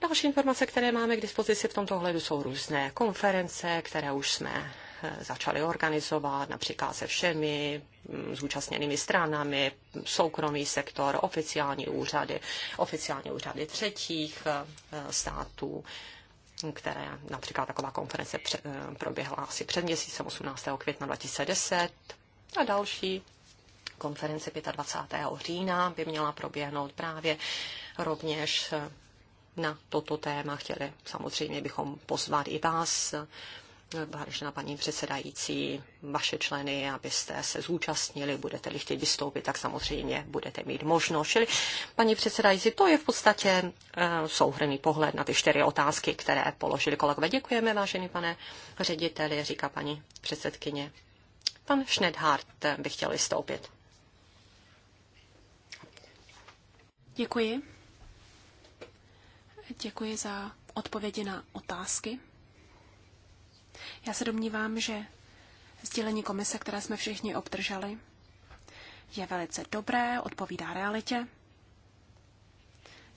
Další informace, které máme k dispozici v tomto ohledu, jsou různé konference, které už jsme začali organizovat, například se všemi mm, zúčastněnými stranami, soukromý sektor, oficiální úřady, oficiální úřady třetích eh, států, které například taková konference eh, proběhla asi před měsícem 18. května 2010 a další konference 25. října by měla proběhnout právě rovněž eh, na toto téma. Chtěli samozřejmě bychom pozvat i vás, vážená paní předsedající, vaše členy, abyste se zúčastnili, budete-li chtít vystoupit, tak samozřejmě budete mít možnost. Čili, paní předsedající, to je v podstatě eh, souhrný pohled na ty čtyři otázky, které položili kolegové. Děkujeme, vážený pane řediteli, říká paní předsedkyně. Pan Schnedhardt by chtěl vystoupit. Děkuji. Děkuji za odpovědi na otázky. Já se domnívám, že sdělení komise, které jsme všichni obdrželi, je velice dobré, odpovídá realitě.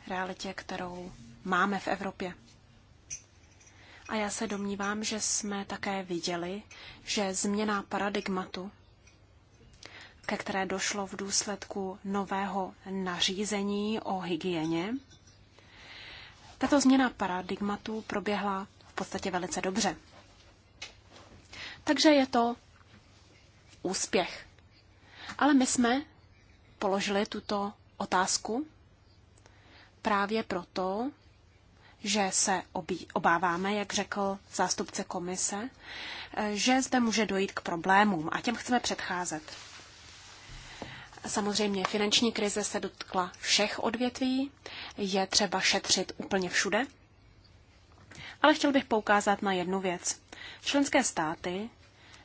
Realitě, kterou máme v Evropě. A já se domnívám, že jsme také viděli, že změna paradigmatu, ke které došlo v důsledku nového nařízení o hygieně, tato změna paradigmatu proběhla v podstatě velice dobře. Takže je to úspěch. Ale my jsme položili tuto otázku právě proto, že se obí, obáváme, jak řekl zástupce komise, že zde může dojít k problémům a těm chceme předcházet. Samozřejmě finanční krize se dotkla všech odvětví, je třeba šetřit úplně všude. Ale chtěl bych poukázat na jednu věc. Členské státy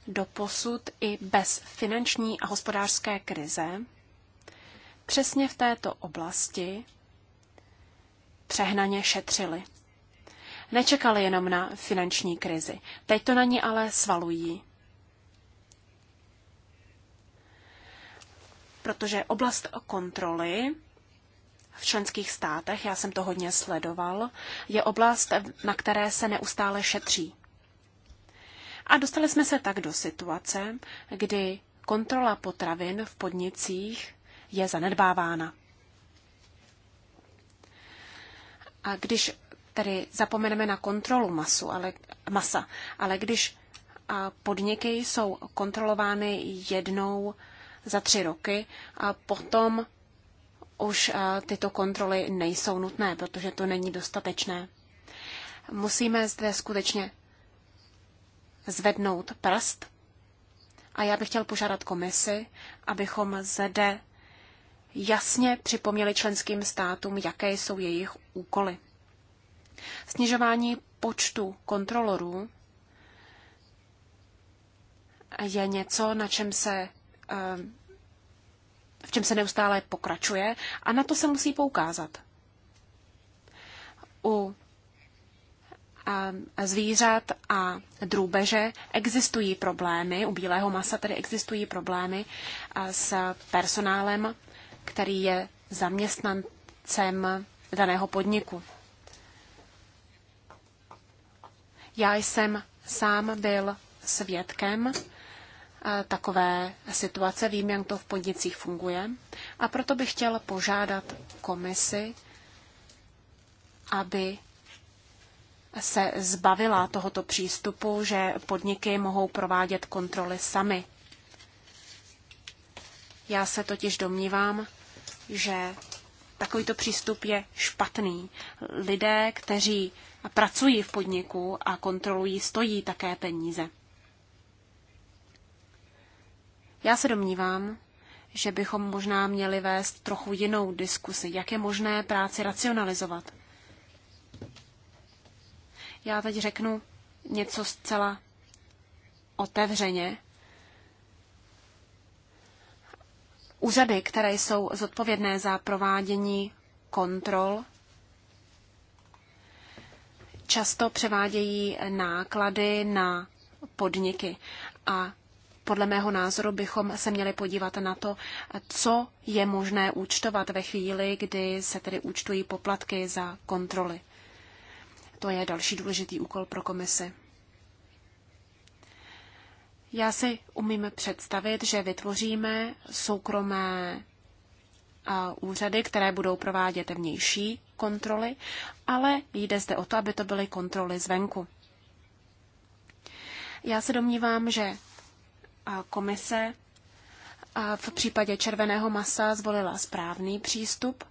doposud i bez finanční a hospodářské krize přesně v této oblasti přehnaně šetřili. Nečekali jenom na finanční krizi, teď to na ní ale svalují. Protože oblast kontroly v členských státech, já jsem to hodně sledoval, je oblast, na které se neustále šetří. A dostali jsme se tak do situace, kdy kontrola potravin v podnicích je zanedbávána. A když tedy zapomeneme na kontrolu masu, ale, masa, ale když a podniky jsou kontrolovány jednou za tři roky, a potom už a tyto kontroly nejsou nutné, protože to není dostatečné. Musíme zde skutečně zvednout prst. A já bych chtěl požádat komisi, abychom zde jasně připomněli členským státům, jaké jsou jejich úkoly. Snižování počtu kontrolorů je něco, na čem se, eh, v čem se neustále pokračuje a na to se musí poukázat. U Ehm, zvířat a drůbeže existují problémy, u bílého masa tedy existují problémy eh, s personálem, který je zaměstnancem daného podniku. Já jsem sám byl svědkem eh, takové situace, vím, jak to v podnicích funguje, a proto bych chtěl požádat komisi, aby se zbavila tohoto přístupu, že podniky mohou provádět kontroly sami. Já se totiž domnívám, že takovýto přístup je špatný. Lidé, kteří pracují v podniku a kontrolují, stojí také peníze. Já se domnívám, že bychom možná měli vést trochu jinou diskusi, jak je možné práci racionalizovat. Já teď řeknu něco zcela otevřeně. Úřady, které jsou zodpovědné za provádění kontrol, často převádějí náklady na podniky. A podle mého názoru bychom se měli podívat na to, co je možné účtovat ve chvíli, kdy se tedy účtují poplatky za kontroly. To je další důležitý úkol pro komisi. Já si umím představit, že vytvoříme soukromé úřady, které budou provádět vnější kontroly, ale jde zde o to, aby to byly kontroly zvenku. Já se domnívám, že komise v případě červeného masa zvolila správný přístup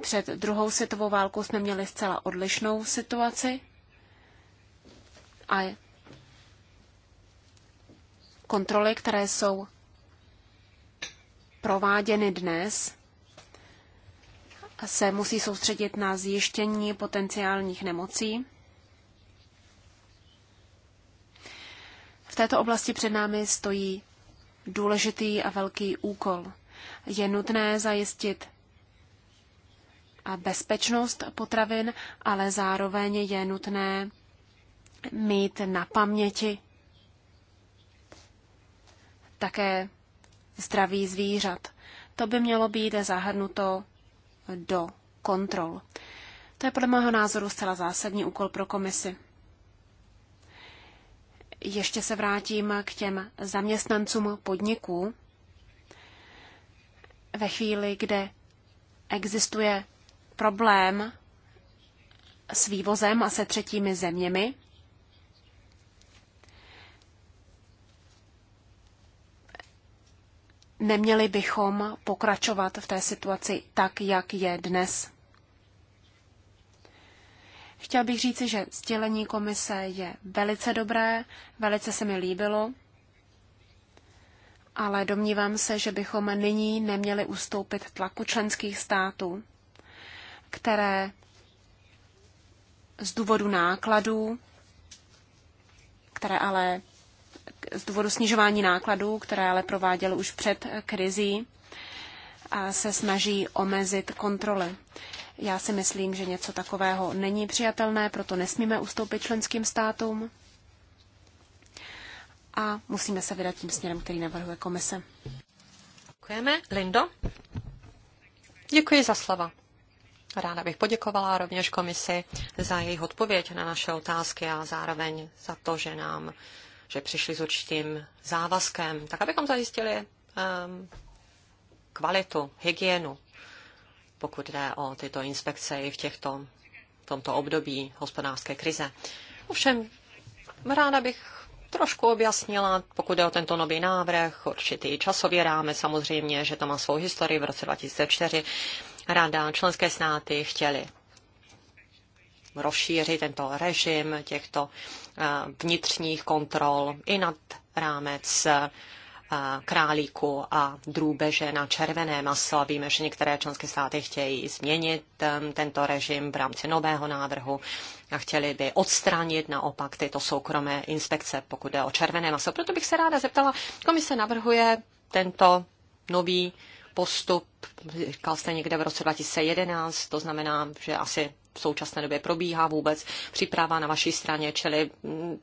Před druhou světovou válkou jsme měli zcela odlišnou situaci a kontroly, které jsou prováděny dnes, se musí soustředit na zjištění potenciálních nemocí. V této oblasti před námi stojí důležitý a velký úkol. Je nutné zajistit bezpečnost potravin, ale zároveň je nutné mít na paměti také zdraví zvířat. To by mělo být zahrnuto do kontrol. To je podle mého názoru zcela zásadní úkol pro komisi. Ještě se vrátím k těm zaměstnancům podniků. Ve chvíli, kde existuje problém s vývozem a se třetími zeměmi. Neměli bychom pokračovat v té situaci tak, jak je dnes. Chtěl bych říci, že sdělení komise je velice dobré, velice se mi líbilo, ale domnívám se, že bychom nyní neměli ustoupit tlaku členských států které z důvodu nákladů, které ale z důvodu snižování nákladů, které ale prováděl už před krizí, a se snaží omezit kontroly. Já si myslím, že něco takového není přijatelné, proto nesmíme ustoupit členským státům a musíme se vydat tím směrem, který navrhuje komise. Děkujeme. Lindo? Děkuji za slova. Ráda bych poděkovala rovněž komisi za jejich odpověď na naše otázky a zároveň za to, že nám že přišli s určitým závazkem, tak abychom zajistili um, kvalitu, hygienu, pokud jde o tyto inspekce i v těchto, v tomto období hospodářské krize. Ovšem, ráda bych trošku objasnila, pokud jde o tento nový návrh, určitý časový rámec, samozřejmě, že to má svou historii v roce 2004 rada, členské státy chtěly rozšířit tento režim těchto eh, vnitřních kontrol i nad rámec eh, králíku a drůbeže na červené maso. Víme, že některé členské státy chtějí změnit eh, tento režim v rámci nového návrhu a chtěli by odstranit naopak tyto soukromé inspekce, pokud jde o červené maso. Proto bych se ráda zeptala, komise navrhuje tento nový postup, říkal jste někde v roce 2011, to znamená, že asi v současné době probíhá vůbec příprava na vaší straně, čili mm,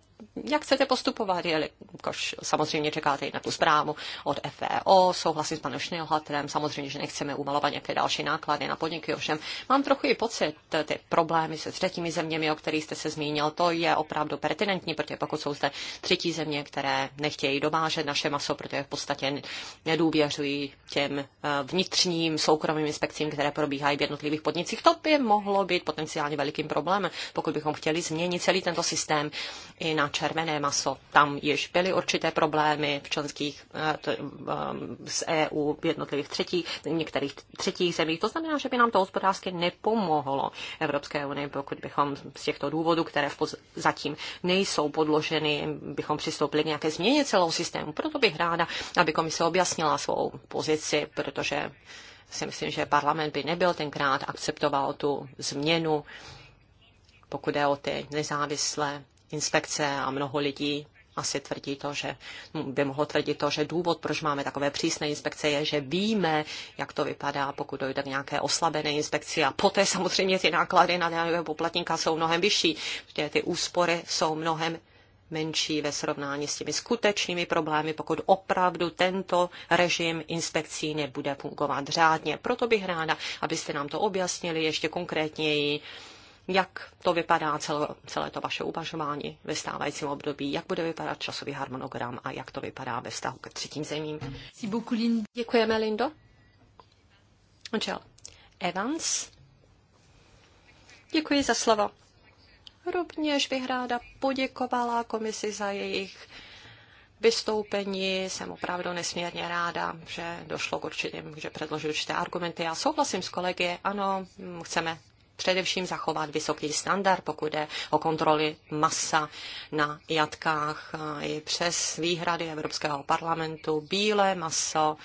jak chcete postupovat, jelikož samozřejmě čekáte i na tu zprávu od FEO, souhlasím s panem Šnilhatrem, samozřejmě, že nechceme umalovat nějaké další náklady na podniky, ovšem mám trochu i pocit, eh, ty problémy se třetími zeměmi, o kterých jste se zmínil, to je opravdu pertinentní, protože pokud jsou zde třetí země, které nechtějí dovážet naše maso, protože v podstatě nedůvěřují těm eh, vnitřním soukromým inspekcím, které probíhají v jednotlivých podnicích, to by mohlo být potenciálně velikým problémem, pokud bychom chtěli změnit celý tento systém i na červené maso. Tam již byly určité problémy v členských eh, eh, z EU, v jednotlivých třetích, některých třetích zemích. To znamená, že by nám to hospodářsky nepomohlo Evropské unii, pokud bychom z těchto důvodů, které zatím nejsou podloženy, bychom přistoupili k nějaké změně celého systému. Proto bych ráda, aby komise objasnila svou pozici, protože si myslím, že parlament by nebyl tenkrát akceptoval tu změnu, pokud je o ty nezávislé inspekce a mnoho lidí asi tvrdí to, že no, by mohlo tvrdit to, že důvod, proč máme takové přísné inspekce, je, že víme, jak to vypadá, pokud dojde k nějaké oslabené inspekci a poté samozřejmě ty náklady na daňového poplatníka jsou mnohem vyšší, protože ty úspory jsou mnohem menší ve srovnání s těmi skutečnými problémy, pokud opravdu tento režim inspekcí nebude fungovat řádně. Proto bych ráda, abyste nám to objasnili ještě konkrétněji jak to vypadá celé, celé to vaše uvažování ve stávajícím období, jak bude vypadat časový harmonogram a jak to vypadá ve vztahu ke třetím zemím. Děkujeme, Lindo. Angel Evans. Děkuji za slovo. Rovněž bych ráda poděkovala komisi za jejich vystoupení. Jsem opravdu nesmírně ráda, že došlo k určitým, že předložil určité argumenty. Já souhlasím s kolegy, ano, chceme především zachovat vysoký standard, pokud je o kontroly masa na jatkách. I přes výhrady Evropského parlamentu bílé maso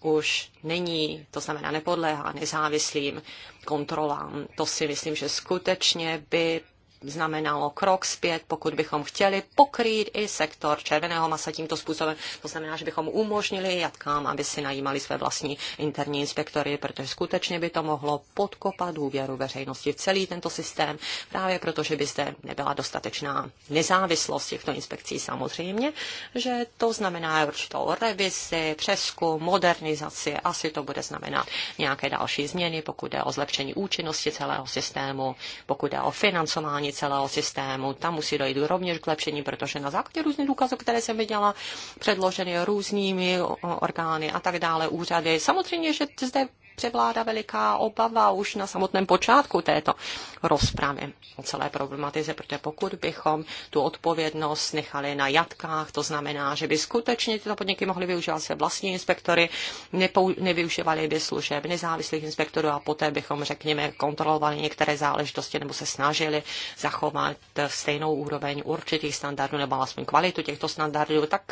už není, to znamená nepodléhá nezávislým kontrolám. To si myslím, že skutečně by znamenalo krok zpět, pokud bychom chtěli pokrýt i sektor červeného masa tímto způsobem. To znamená, že bychom umožnili jatkám, aby si najímali své vlastní interní inspektory, protože skutečně by to mohlo podkopat důvěru veřejnosti v celý tento systém, právě protože by zde nebyla dostatečná nezávislost těchto inspekcí samozřejmě, že to znamená určitou revizi, přeskum, modernizaci, asi to bude znamenat nějaké další změny, pokud jde o zlepšení účinnosti celého systému, pokud jde o financování celého systému. Tam musí dojít rovněž k lepšení, protože na základě různých důkazů, které jsem viděla, předloženy různými orgány a tak dále, úřady. Samozřejmě, že zde převládá veliká obava už na samotném počátku této rozpravy o celé problematice, protože pokud bychom tu odpovědnost nechali na jatkách, to znamená, že by skutečně tyto podniky mohly využívat své vlastní inspektory, nepou, nevyužívali by služeb nezávislých inspektorů a poté bychom, řekněme, kontrolovali některé záležitosti nebo se snažili zachovat stejnou úroveň určitých standardů nebo alespoň kvalitu těchto standardů, tak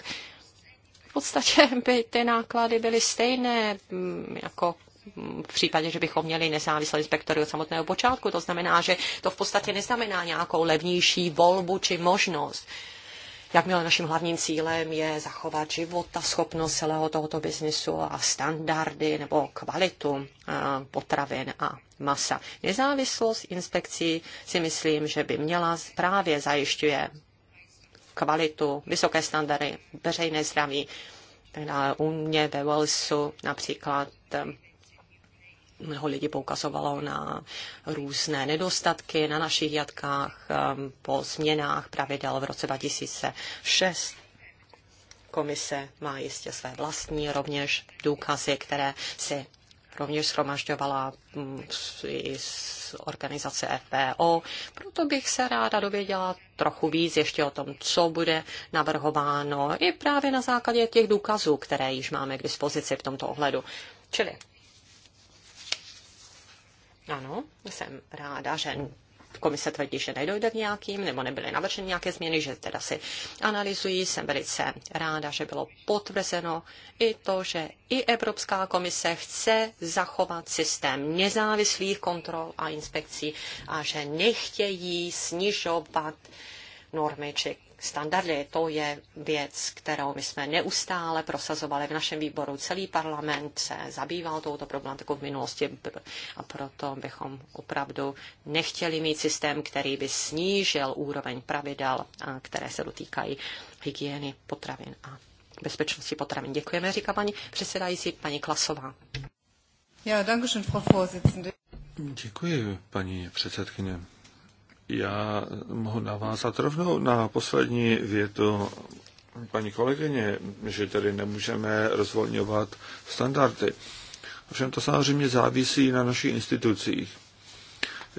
v podstatě by ty náklady byly stejné mm, jako v případě, že bychom měli nezávislé inspektory od samotného počátku. To znamená, že to v podstatě neznamená nějakou levnější volbu či možnost. Jakmile naším hlavním cílem je zachovat život a schopnost celého tohoto biznisu a standardy nebo kvalitu eh, potravin a masa. Nezávislost inspekcí si myslím, že by měla právě zajišťuje kvalitu, vysoké standardy, veřejné zdraví. U mě ve Walesu například eh, mnoho lidí poukazovalo na různé nedostatky na našich jatkách um, po změnách pravidel v roce 2006. Komise má jistě své vlastní rovněž důkazy, které si rovněž shromažďovala mm, i z organizace FPO. Proto bych se ráda dověděla trochu víc ještě o tom, co bude navrhováno i právě na základě těch důkazů, které již máme k dispozici v tomto ohledu. Čili ano, jsem ráda, že komise tvrdí, že nedojde k nějakým, nebo nebyly navrženy nějaké změny, že teda si analyzují. Jsem velice ráda, že bylo potvrzeno i to, že i Evropská komise chce zachovat systém nezávislých kontrol a inspekcí a že nechtějí snižovat normy či standardy, to je věc, kterou my jsme neustále prosazovali v našem výboru. Celý parlament se zabýval touto problematikou v minulosti a proto bychom opravdu nechtěli mít systém, který by snížil úroveň pravidel, které se dotýkají hygieny potravin a bezpečnosti potravin. Děkujeme, říká paní předsedající, paní Klasová. Ja, Děkuji, paní předsedkyně. Já mohu navázat rovnou na poslední větu paní kolegyně, že tedy nemůžeme rozvolňovat standardy. Ovšem to samozřejmě závisí na našich institucích.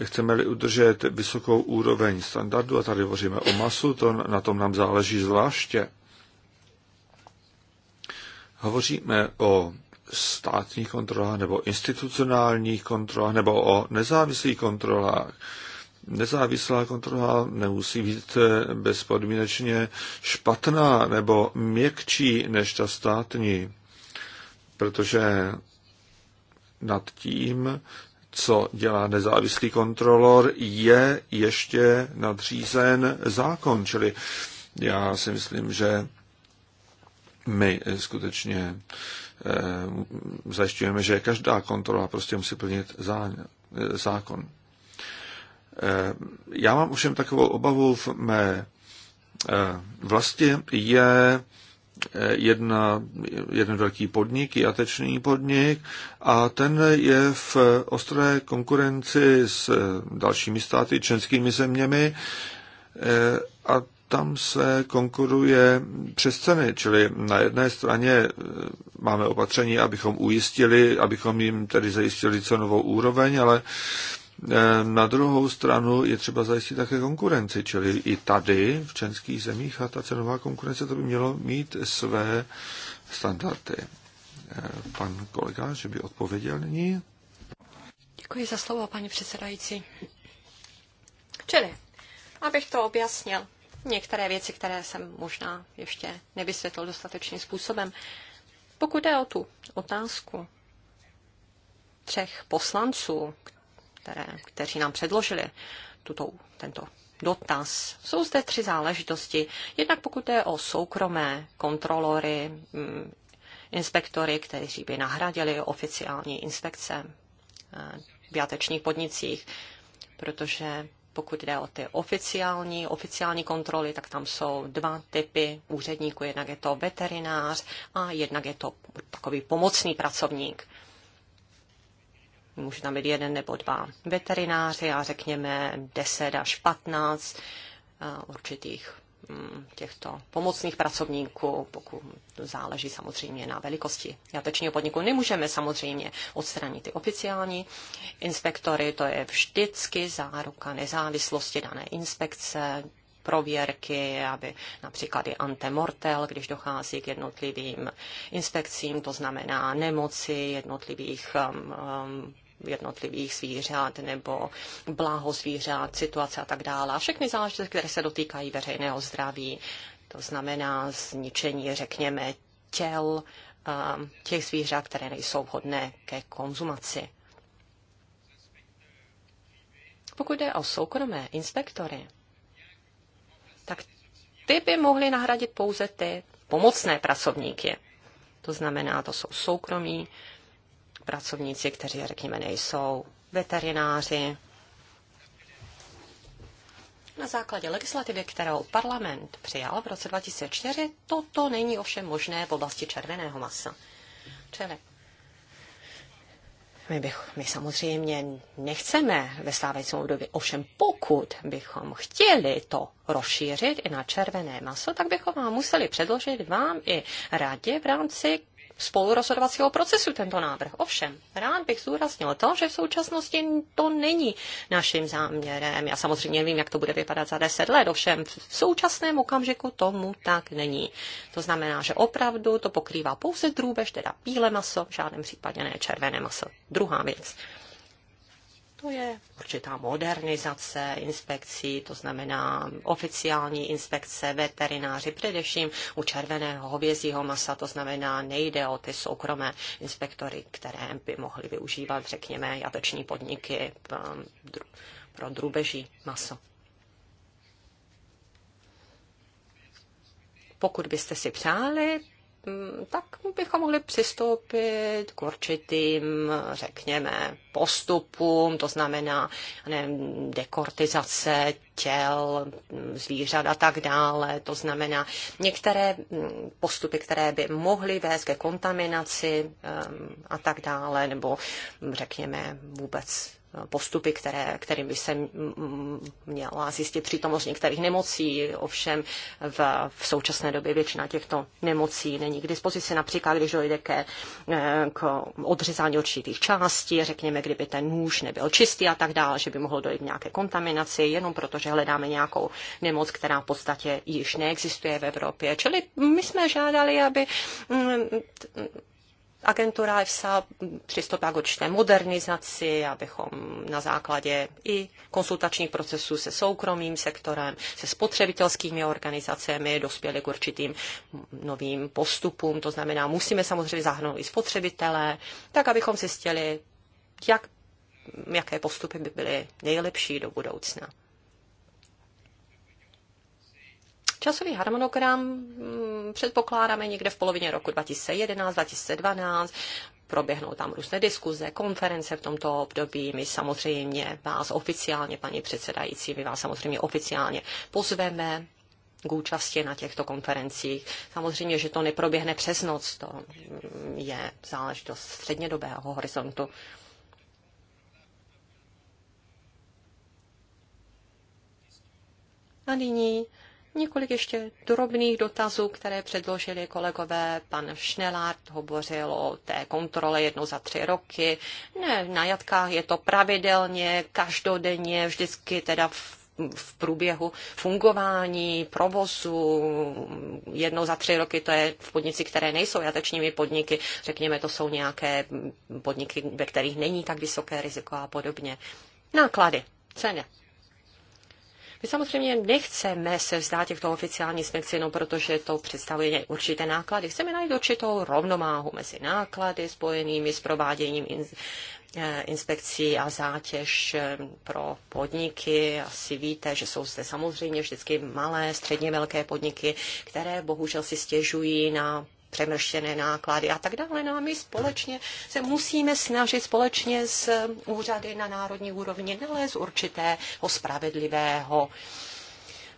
Chceme-li udržet vysokou úroveň standardu, a tady hovoříme o masu, to na tom nám záleží zvláště. Hovoříme o státních kontrolách nebo institucionálních kontrolách nebo o nezávislých kontrolách. Nezávislá kontrola nemusí být eh, bezpodmínečně špatná nebo měkčí než ta státní, protože nad tím, co dělá nezávislý kontrolor, je ještě nadřízen zákon. Čili já si myslím, že my skutečně eh, zajišťujeme, že každá kontrola prostě musí plnit eh, zákon. Eh, já mám ovšem takovou obavu v mé eh, vlasti je eh, jedna, jeden velký podnik, jatečný podnik, a ten je v ostré konkurenci s dalšími státy, členskými zeměmi a tam se konkuruje přes ceny, čili na jedné straně máme opatření, abychom ujistili, abychom jim tedy zajistili cenovou úroveň, ale Eh, na druhou stranu je třeba zajistit také konkurenci, čili i tady v českých zemích a ta cenová konkurence to by mělo mít své standardy. Eh, pan kolega, že by odpověděl nyní? Děkuji za slovo, paní předsedající. Čili, abych to objasnil, některé věci, které jsem možná ještě nevysvětlil dostatečným způsobem. Pokud jde o tu otázku třech poslanců, které, kteří nám předložili tuto, tento dotaz. Jsou zde tři záležitosti. Jednak pokud je o soukromé kontrolory, mm, inspektory, kteří by nahradili oficiální inspekce eh, v játečních podnicích, protože pokud jde o ty oficiální, oficiální kontroly, tak tam jsou dva typy úředníků. Jednak je to veterinář a jednak je to takový pomocný pracovník může tam být jeden nebo dva veterináři a řekněme 10 až 15 eh, určitých mm, těchto pomocných pracovníků, pokud záleží samozřejmě na velikosti jatečního podniku. Nemůžeme samozřejmě odstranit ty oficiální inspektory, to je vždycky záruka nezávislosti dané inspekce, prověrky, aby například i antemortel, když dochází k jednotlivým inspekcím, to znamená nemoci jednotlivých um, jednotlivých zvířat nebo bláho zvířat, situace a tak dále. A všechny záležitosti, které se dotýkají veřejného zdraví, to znamená zničení, řekněme, těl eh, těch zvířat, které nejsou vhodné ke konzumaci. Pokud jde o soukromé inspektory, tak ty by mohly nahradit pouze ty pomocné pracovníky. To znamená, to jsou soukromí pracovníci, kteří, řekněme, nejsou veterináři. Na základě legislativy, kterou parlament přijal v roce 2004, toto není ovšem možné v oblasti červeného masa. Čili my, bych, my samozřejmě nechceme ve stávajícím období, ovšem pokud bychom chtěli to rozšířit i na červené maso, tak bychom vám museli předložit vám i radě v rámci spolurozhodovacího procesu tento návrh. Ovšem, rád bych zúraznil to, že v současnosti to není naším záměrem. Já samozřejmě vím, jak to bude vypadat za deset let, ovšem v současném okamžiku tomu tak není. To znamená, že opravdu to pokrývá pouze drůbež, teda bílé maso, v žádném případě ne červené maso. Druhá věc. To je určitá modernizace inspekcí, to znamená oficiální inspekce veterináři, především u červeného hovězího masa, to znamená nejde o ty soukromé inspektory, které by mohly využívat, řekněme, jateční podniky um, pro drůbeží maso. Pokud byste si přáli, Mm, tak bychom mohli přistoupit k určitým, řekněme, postupům, to znamená nevím, dekortizace těl, mm, zvířat a tak dále. To znamená některé mm, postupy, které by mohly vést ke kontaminaci a tak dále, nebo řekněme vůbec postupy, které, kterým by se měla zjistit přítomnost některých nemocí. Ovšem v, v současné době většina těchto nemocí není k dispozici. Například, když dojde ke, eh, k odřezání určitých částí, řekněme, kdyby ten nůž nebyl čistý a tak dále, že by mohlo dojít k nějaké kontaminaci, jenom protože hledáme nějakou nemoc, která v podstatě již neexistuje v Evropě. Čili my jsme žádali, aby mm, Agentura EFSA přistoupila k určité modernizaci, abychom na základě i konsultačních procesů se soukromým sektorem, se spotřebitelskými organizacemi dospěli k určitým novým postupům. To znamená, musíme samozřejmě zahrnout i spotřebitele, tak abychom zjistili, jak, jaké postupy by byly nejlepší do budoucna. Časový harmonogram mm, předpokládáme někde v polovině roku 2011, 2012. Proběhnou tam různé diskuze, konference v tomto období. My samozřejmě vás oficiálně, paní předsedající, my vás samozřejmě oficiálně pozveme k účasti na těchto konferencích. Samozřejmě, že to neproběhne přes noc, to je záležitost střednědobého horizontu. A nyní Několik ještě drobných dotazů, které předložili kolegové. Pan Šnelard hovořil o té kontrole jednou za tři roky. Ne, na jatkách je to pravidelně, každodenně, vždycky teda v v průběhu fungování, provozu, jednou za tři roky to je v podnici, které nejsou jatečními podniky, řekněme, to jsou nějaké podniky, ve kterých není tak vysoké riziko a podobně. Náklady, ceny, my samozřejmě nechceme se vzdát těchto oficiálních směrnic, jenom protože to představuje určité náklady. Chceme najít určitou rovnováhu mezi náklady spojenými s prováděním in, eh, inspekcí a zátěž eh, pro podniky. Asi víte, že jsou zde samozřejmě vždycky malé, středně velké podniky, které bohužel si stěžují na přemrštěné náklady a tak dále. No a my společně se musíme snažit společně s úřady na národní úrovni nalézt určitého spravedlivého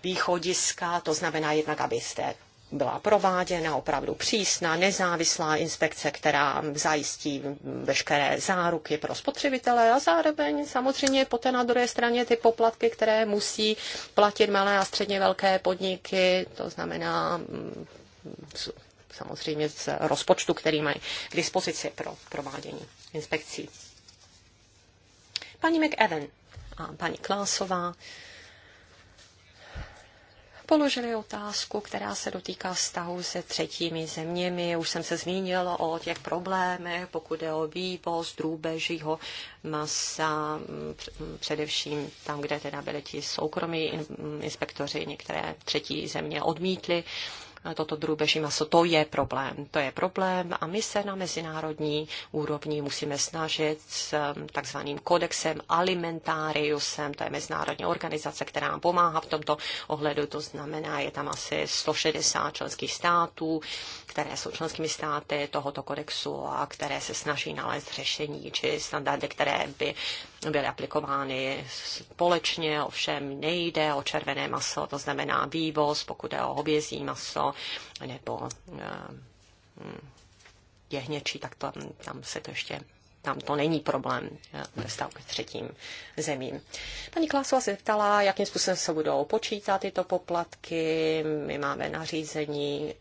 východiska, to znamená jednak, abyste byla prováděna opravdu přísná, nezávislá inspekce, která zajistí veškeré záruky pro spotřebitele a zároveň samozřejmě poté na druhé straně ty poplatky, které musí platit malé a středně velké podniky, to znamená mm, samozřejmě z rozpočtu, který mají k dispozici pro provádění inspekcí. Paní McEwen a paní Klásová položili otázku, která se dotýká vztahu se třetími zeměmi. Už jsem se zmínila o těch problémech, pokud je o vývoz drůbežího masa, mm, především tam, kde teda byli ti soukromí inspektoři, některé třetí země odmítly toto drůbeží maso. To je problém. To je problém a my se na mezinárodní úrovni musíme snažit s um, takzvaným kodexem alimentariusem, to je mezinárodní organizace, která nám pomáhá v tomto ohledu, to znamená, je tam asi 160 členských států, které jsou členskými státy tohoto kodexu a které se snaží nalézt řešení či standardy, které by byly aplikovány společně, ovšem nejde o červené maso, to znamená vývoz, pokud je o hovězí maso nebo eh, jehněčí, tak to, tam se to ještě tam to není problém eh, ve vztahu k třetím zemím. Paní Klásová se ptala, jakým způsobem se budou počítat tyto poplatky. My máme nařízení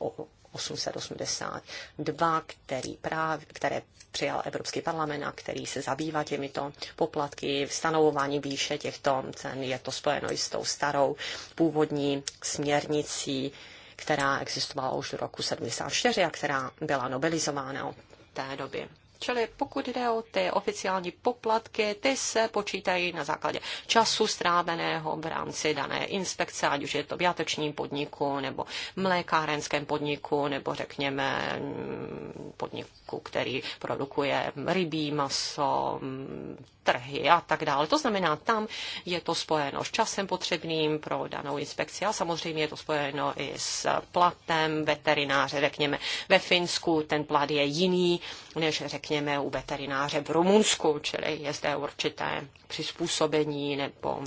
um, 882, který práv, které přijal Evropský parlament a který se zabývá těmito poplatky, stanovování výše těchto cen. Je to spojeno i s tou starou původní směrnicí, která existovala už do roku 74 a která byla nobelizována od té doby. Čili pokud jde o ty oficiální poplatky, ty se počítají na základě času stráveného v rámci dané inspekce, ať už je to v játečním podniku, nebo mlékárenském podniku, nebo řekněme mm, podniku, který produkuje rybí maso, mm, trhy a tak dále. To znamená, tam je to spojeno s časem potřebným pro danou inspekci a samozřejmě je to spojeno i s platem veterináře, řekněme. Ve Finsku ten plat je jiný než, řekněme, řekněme, u veterináře v Rumunsku, čili je zde určité přizpůsobení nebo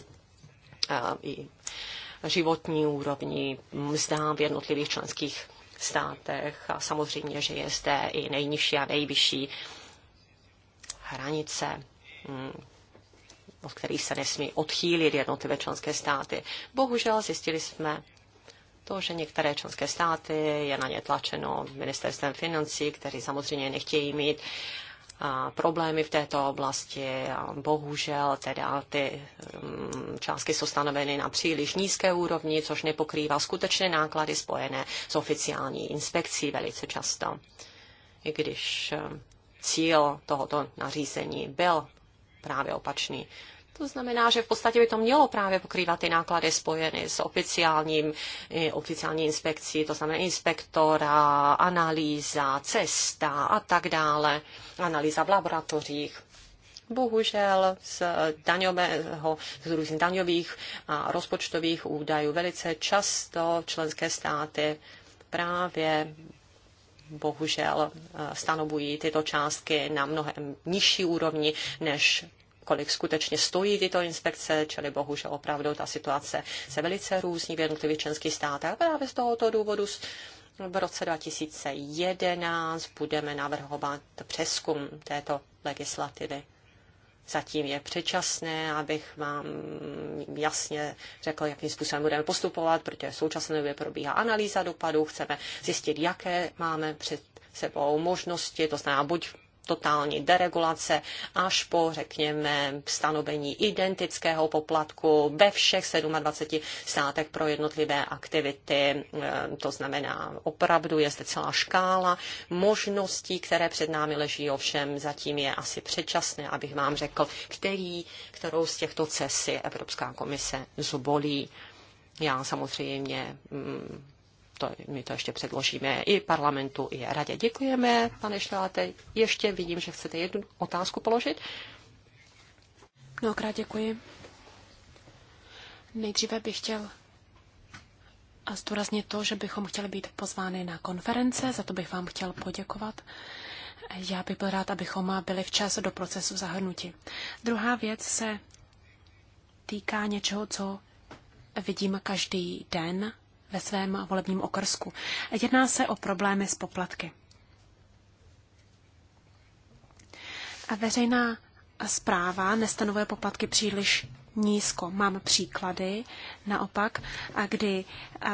eh, i životní úrovni, mzdám v jednotlivých členských státech a samozřejmě, že je zde i nejnižší a nejvyšší hranice, hm, od kterých se nesmí odchýlit jednotlivé členské státy. Bohužel zjistili jsme, to, že některé členské státy je na ně tlačeno ministerstvem financí, kteří samozřejmě nechtějí mít a problémy v této oblasti. A bohužel teda ty mm, částky jsou stanoveny na příliš nízké úrovni, což nepokrývá skutečné náklady spojené s oficiální inspekcí velice často. I když e, cíl tohoto nařízení byl právě opačný. To znamená, že v podstatě by to mělo právě pokrývat ty náklady spojeny s oficiálním, eh, oficiální inspekcí, to znamená inspektora, analýza, cesta a tak dále, analýza v laboratořích bohužel z daňového, z různých daňových a rozpočtových údajů velice často členské státy právě bohužel eh, stanovují tyto částky na mnohem nižší úrovni, než kolik skutečně stojí tyto inspekce, čili bohužel opravdu ta situace se velice různí v jednotlivých členských státech. A právě z tohoto důvodu v roce 2011 budeme navrhovat přeskum této legislativy. Zatím je předčasné, abych vám jasně řekl, jakým způsobem budeme postupovat, protože v současné době probíhá analýza dopadů, chceme zjistit, jaké máme před sebou možnosti, to znamená buď totální deregulace až po, řekněme, stanovení identického poplatku ve všech 27 státech pro jednotlivé aktivity. E, to znamená, opravdu je zde celá škála možností, které před námi leží, ovšem zatím je asi předčasné, abych vám řekl, který, kterou z těchto cesty Evropská komise zvolí. Já samozřejmě mm, to, my to ještě předložíme i parlamentu, i radě. Děkujeme, pane Šteláte. Ještě vidím, že chcete jednu otázku položit. Mnohokrát děkuji. Nejdříve bych chtěl a zdůraznit to, že bychom chtěli být pozvány na konference, za to bych vám chtěl poděkovat. Já bych byl rád, abychom byli včas do procesu zahrnuti. Druhá věc se týká něčeho, co vidím každý den ve svém volebním okrsku. Jedná se o problémy s poplatky. A veřejná zpráva nestanovuje poplatky příliš nízko. Mám příklady naopak, a kdy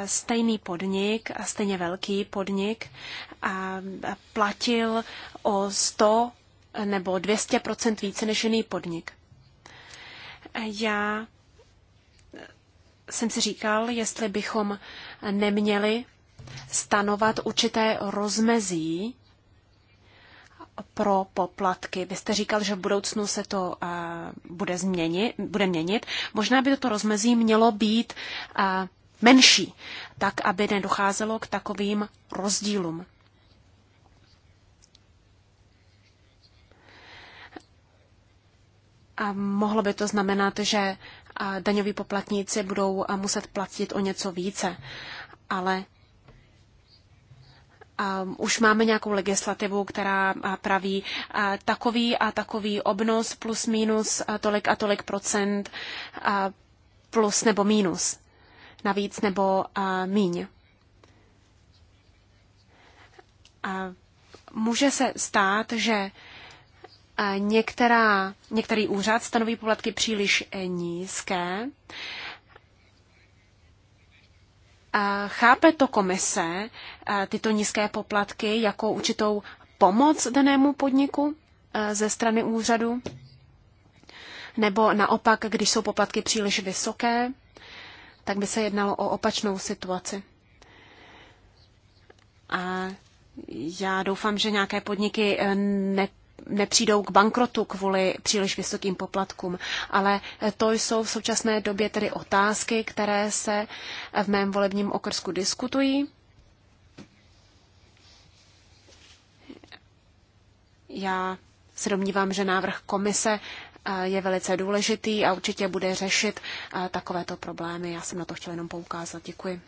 stejný podnik, a stejně velký podnik, a platil o 100 nebo 200 více než jiný podnik. Já jsem si říkal, jestli bychom neměli stanovat určité rozmezí pro poplatky. Vy jste říkal, že v budoucnu se to uh, bude, změnit, bude měnit. Možná by toto rozmezí mělo být uh, menší, tak aby nedocházelo k takovým rozdílům. A mohlo by to znamenat, že a daňoví poplatníci budou muset platit o něco více. Ale a už máme nějakou legislativu, která praví a, takový a takový obnos plus minus a tolik a tolik procent a, plus nebo minus, navíc nebo a, míň. A může se stát, že některá, některý úřad stanoví poplatky příliš eh, nízké. Chápe to komise eh, tyto nízké poplatky jako určitou pomoc danému podniku eh, ze strany úřadu? Nebo naopak, když jsou poplatky příliš vysoké, tak by se jednalo o opačnou situaci. A já doufám, že nějaké podniky ne nepřijdou k bankrotu kvůli příliš vysokým poplatkům. Ale eh, to jsou v současné době tedy otázky, které se eh, v mém volebním okrsku diskutují. Já se domnívám, že návrh komise eh, je velice důležitý a určitě bude řešit takovéto problémy. Já jsem na to chtěla jenom poukázat. Děkuji.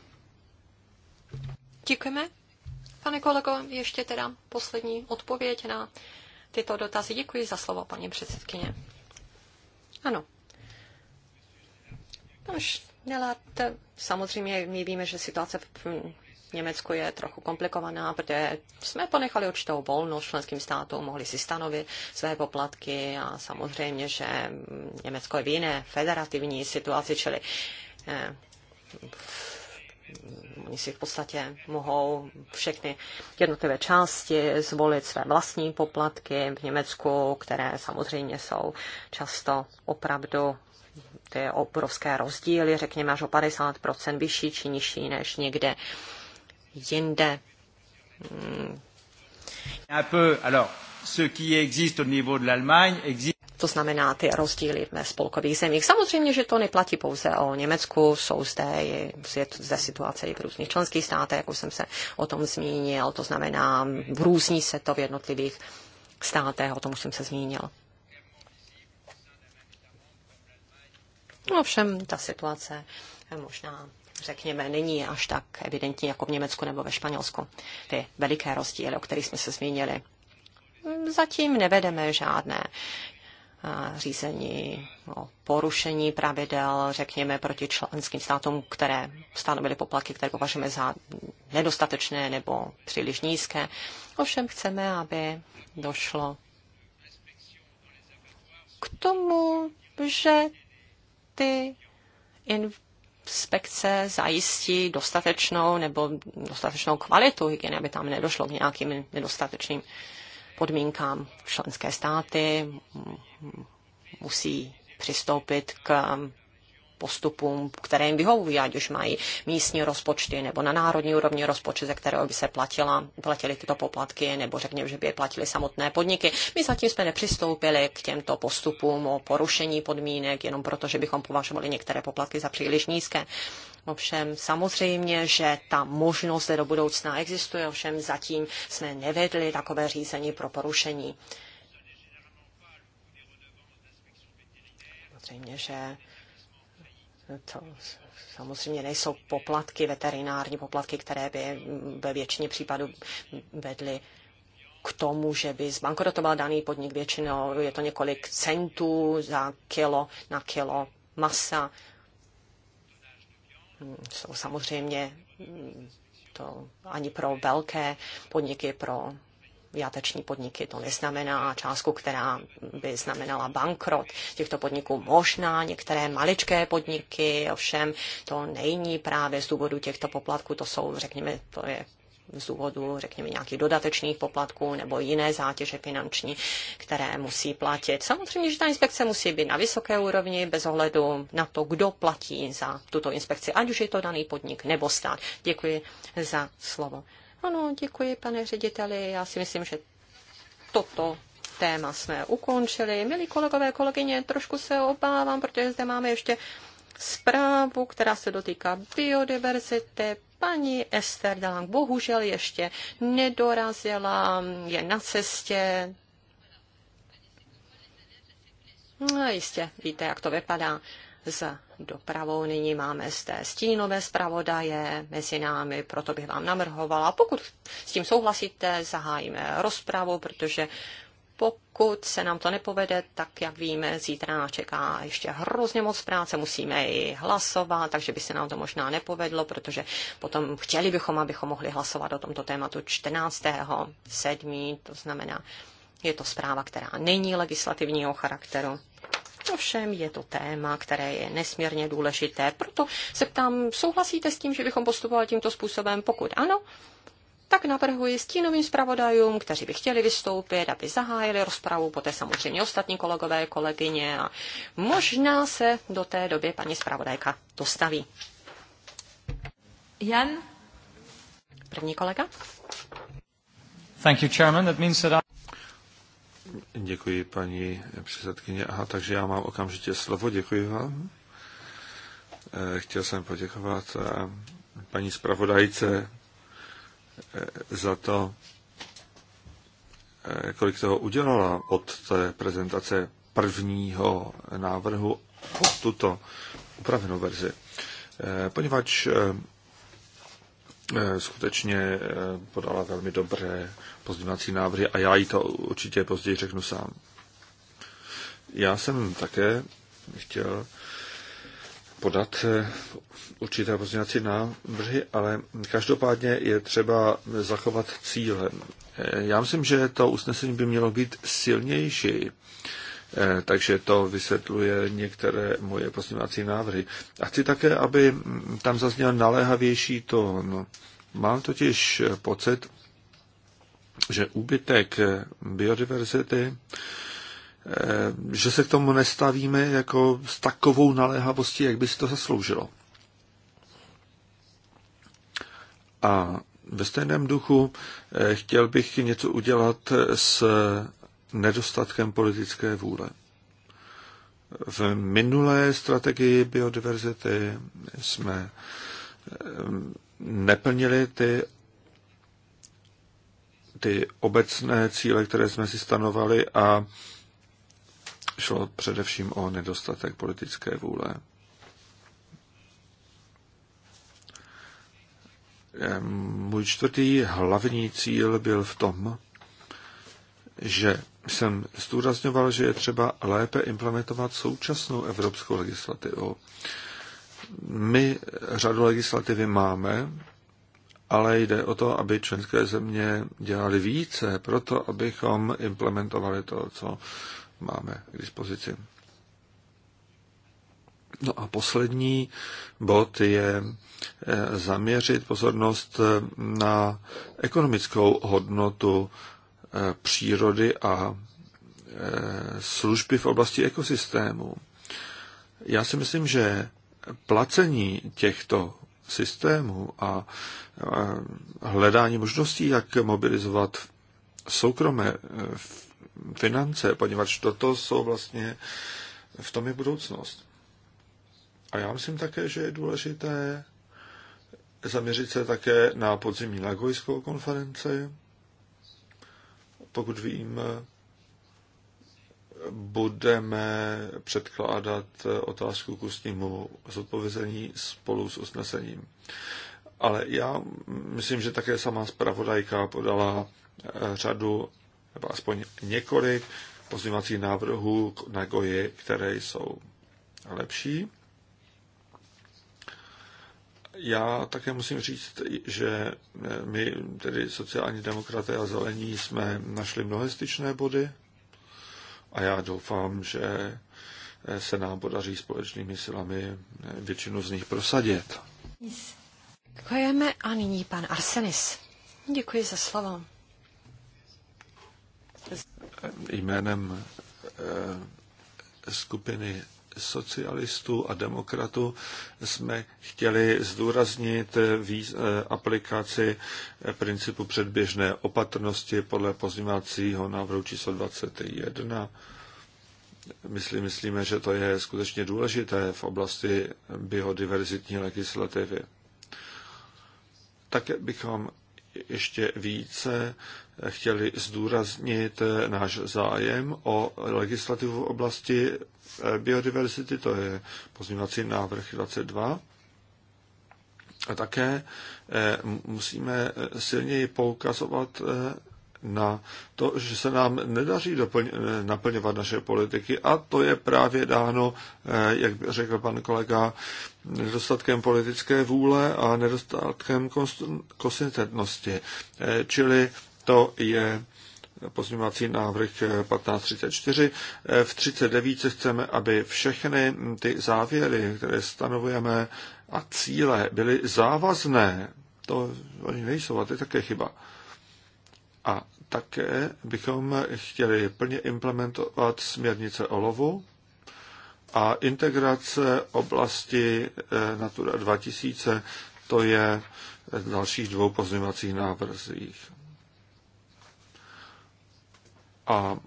Děkujeme. Pane kolego, ještě teda poslední odpověď na tyto dotazy. Děkuji za slovo, paní předsedkyně. Ano. No už neláte. samozřejmě my víme, že situace v Německu je trochu komplikovaná, protože jsme ponechali určitou volnost členským státům, mohli si stanovit své poplatky a samozřejmě, že Německo je v jiné federativní situaci, čili eh, Oni si v podstatě mohou všechny jednotlivé části zvolit své vlastní poplatky v Německu, které samozřejmě jsou často opravdu ty obrovské rozdíly, řekněme až o 50% vyšší či nižší než někde jinde. Un peu, alors, ce qui existe au niveau de l'Allemagne existe to znamená ty rozdíly ve spolkových zemích. Samozřejmě, že to neplatí pouze o Německu, jsou zde, je, je zde situace i v různých členských státech, jak už jsem se o tom zmínil, to znamená, různí se to v jednotlivých státech, o tom už jsem se zmínil. No ovšem, ta situace eh, možná, řekněme, není až tak evidentní jako v Německu nebo ve Španělsku. Ty veliké rozdíly, o kterých jsme se zmínili zatím nevedeme žádné řízení o porušení pravidel, řekněme, proti členským státům, které stanovily poplatky, které považujeme za nedostatečné nebo příliš nízké. Ovšem chceme, aby došlo k tomu, že ty inspekce zajistí dostatečnou nebo dostatečnou kvalitu hygieny, aby tam nedošlo k nějakým nedostatečným uh, podmínkám. Členské státy musí přistoupit k postupům, které jim vyhovují, ať už mají místní rozpočty nebo na národní úrovni rozpočet, ze kterého by se platila, platili tyto poplatky, nebo řekněme, že by je platili samotné podniky. My zatím jsme nepřistoupili k těmto postupům o porušení podmínek, jenom proto, že bychom považovali některé poplatky za příliš nízké. Ovšem samozřejmě, že ta možnost do budoucna existuje, ovšem zatím jsme nevedli takové řízení pro porušení. Samozřejmě, že to samozřejmě nejsou poplatky, veterinární poplatky, které by ve většině případů vedly k tomu, že by zbankrotoval daný podnik. Většinou je to několik centů za kilo na kilo masa jsou samozřejmě to ani pro velké podniky, pro jateční podniky to neznamená částku, která by znamenala bankrot těchto podniků. Možná některé maličké podniky, ovšem to není právě z důvodu těchto poplatků, to jsou, řekněme, to je z důvodu, řekněme, nějakých dodatečných poplatků nebo jiné zátěže finanční, které musí platit. Samozřejmě, že ta inspekce musí být na vysoké úrovni bez ohledu na to, kdo platí za tuto inspekci, ať už je to daný podnik nebo stát. Děkuji za slovo. Ano, děkuji, pane řediteli. Já si myslím, že toto téma jsme ukončili. Milí kolegové, kolegyně, trošku se obávám, protože zde máme ještě zprávu, která se dotýká biodiverzity, Paní Esther Dalang bohužel ještě nedorazila, je na cestě. No jistě, víte, jak to vypadá s dopravou. Nyní máme zde stínové zpravodaje mezi námi, proto bych vám namrhovala. Pokud s tím souhlasíte, zahájíme rozpravu, protože pokud se nám to nepovede, tak jak víme, zítra nás čeká ještě hrozně moc práce, musíme i hlasovat, takže by se nám to možná nepovedlo, protože potom chtěli bychom, abychom mohli hlasovat o tomto tématu 14. 7. to znamená, je to zpráva, která není legislativního charakteru. Ovšem je to téma, které je nesmírně důležité. Proto se ptám, souhlasíte s tím, že bychom postupovali tímto způsobem? Pokud ano, tak navrhuji stínovým zpravodajům, kteří by chtěli vystoupit, aby zahájili rozpravu, poté samozřejmě ostatní kolegové, kolegyně a možná se do té doby paní zpravodajka dostaví. Jan? První kolega? Thank you, Chairman. That means that I... Děkuji, paní předsedkyně. Aha, takže já mám okamžitě slovo. Děkuji vám. Eh, chtěl jsem poděkovat eh, paní zpravodajce Eh, za to, eh, kolik toho udělala od té prezentace prvního návrhu po tuto upravenou verzi. Eh, poněvadž skutečně podala velmi dobré pozměňovací návrhy a já jí to určitě později řeknu sám. Já jsem také chtěl podat eh, určité pozměňovací návrhy, ale každopádně je třeba zachovat cíle. Eh, já myslím, že to usnesení by mělo být silnější, eh, takže to vysvětluje některé moje pozměňovací návrhy. A chci také, aby tam zazněl naléhavější tón. Mám totiž pocit, že úbytek biodiverzity Eh, že se k tomu nestavíme jako s takovou naléhavostí, jak by si to zasloužilo. A ve stejném duchu eh, chtěl bych něco udělat s nedostatkem politické vůle. V minulé strategii biodiverzity jsme eh, neplnili ty, ty obecné cíle, které jsme si stanovali a šlo především o nedostatek politické vůle. Můj čtvrtý hlavní cíl byl v tom, že jsem zdůrazňoval, že je třeba lépe implementovat současnou evropskou legislativu. My řadu legislativy máme, ale jde o to, aby členské země dělali více, proto abychom implementovali to, co máme k dispozici. No a poslední bod je eh, zaměřit pozornost eh, na ekonomickou hodnotu eh, přírody a služby v oblasti ekosystému. Já si myslím, že placení těchto systémů a hledání možností, jak mobilizovat soukromé finance, poněvadž toto jsou vlastně, v tom je budoucnost. A já myslím také, že je důležité zaměřit se také na podzimní Nagojskou konferenci. Pokud vím, budeme předkládat otázku k ústnímu zodpovězení spolu s usnesením. Ale já myslím, že také sama zpravodajka podala eh, řadu nebo aspoň několik pozměňovacích návrhů na goji, které jsou lepší. Já také musím říct, že my, tedy sociální demokraté a zelení, jsme našli mnohé styčné body a já doufám, že se nám podaří společnými silami většinu z nich prosadit. Děkujeme a nyní pan Arsenis. Děkuji za slovo. Jménem eh, skupiny socialistů a demokratů jsme chtěli zdůraznit eh, aplikaci eh, principu předběžné opatrnosti podle pozměňovacího návrhu číslo 21. Myslí, myslíme, že to je skutečně důležité v oblasti biodiverzitní legislativy. Také bychom ještě více chtěli zdůraznit náš zájem o legislativu v oblasti eh, biodiverzity, to je pozměňovací návrh 22. A také eh, musíme eh, silněji poukazovat na to, že se nám nedaří doplň, naplňovat naše politiky a to je právě dáno, jak řekl pan kolega, nedostatkem politické vůle a nedostatkem konsistentnosti. Čili to je pozměňovací návrh 1534. V 39 chceme, aby všechny ty závěry, které stanovujeme a cíle byly závazné. To oni nejsou a to je také chyba. A také bychom chtěli plně implementovat směrnice o lovu a integrace oblasti eh, Natura 2000, to je dalších dvou pozměňovacích návrzích. A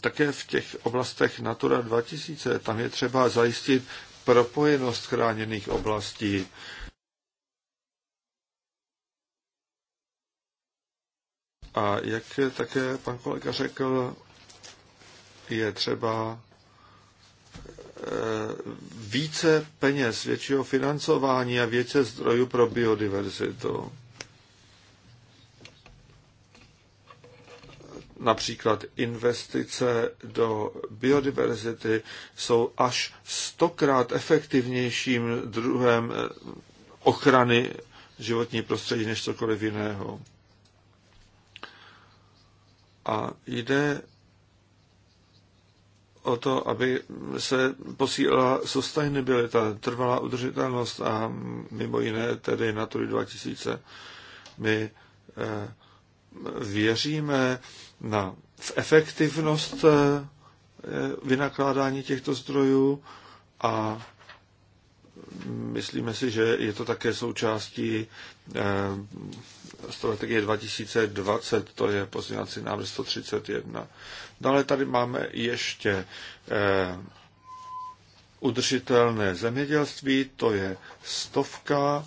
také v těch oblastech Natura 2000, tam je třeba zajistit propojenost chráněných oblastí. A jak také pan kolega řekl, je třeba eh, více peněz, většího financování a více zdrojů pro biodiverzitu. Například investice do biodiverzity jsou až stokrát efektivnějším druhem eh, ochrany životní prostředí než cokoliv jiného. A jde o to, aby se posílila sustainabilita, trvalá udržitelnost a mimo jiné tedy Natury 2000. My eh, věříme na v efektivnost eh, eh, vynakládání těchto zdrojů a myslíme si, že je to také součástí eh, strategie 2020, to je pozměňovací návrh 131. Dále tady máme ještě udržitelné zemědělství, to je stovka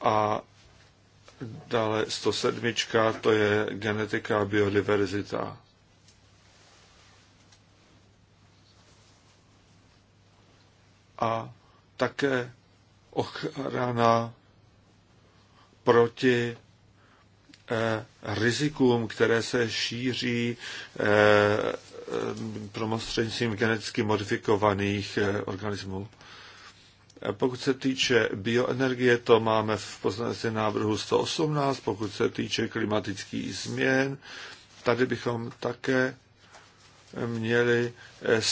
a Dále 107, to je genetika a biodiverzita. A také ochrana proti eh, rizikům, které se šíří eh, eh prostřednictvím geneticky modifikovaných eh, organismů. Eh, pokud se týče bioenergie, to máme v poslaneckém návrhu 118. Pokud se týče klimatických změn, tady bychom také měli eh,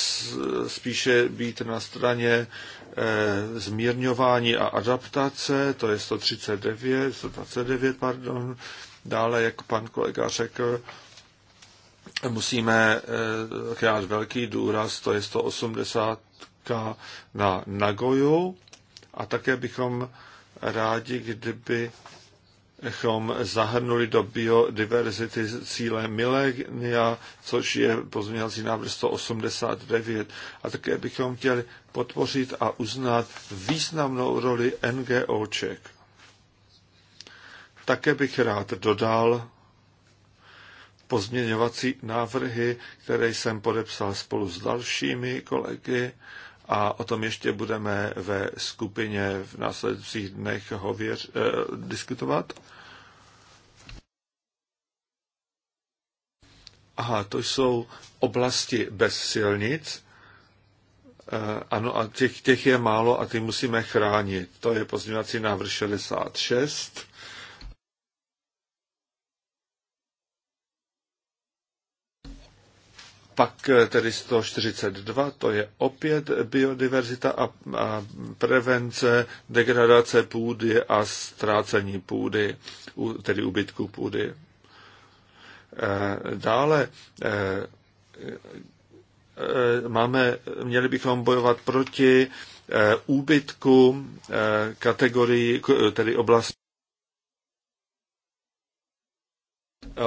spíše být na straně eh, zmírňování a adaptace, to je 139, 129, pardon. Dále, jak pan kolega řekl, musíme krát eh, velký důraz, to je 180 Ruska na Nagoju a také bychom rádi, kdyby chom zahrnuli do biodiverzity cíle milenia, což je pozměňovací návrh 189. A také bychom chtěli podpořit a uznat významnou roli NGOček. Také bych rád dodal pozměňovací návrhy, které jsem podepsal spolu s dalšími kolegy, a o tom ještě budeme ve skupině v následujících dnech hověř, eh, diskutovat. Aha, to jsou oblasti bez silnic. Eh, ano, a těch, těch je málo a ty musíme chránit. To je pozměňovací návrh 66. pak eh, tedy 142, to je opět biodiverzita a, a prevence degradace půdy a ztrácení půdy, tedy ubytku půdy. Eh, dále eh, máme, měli bychom bojovat proti úbytku kategorii, tedy oblasti,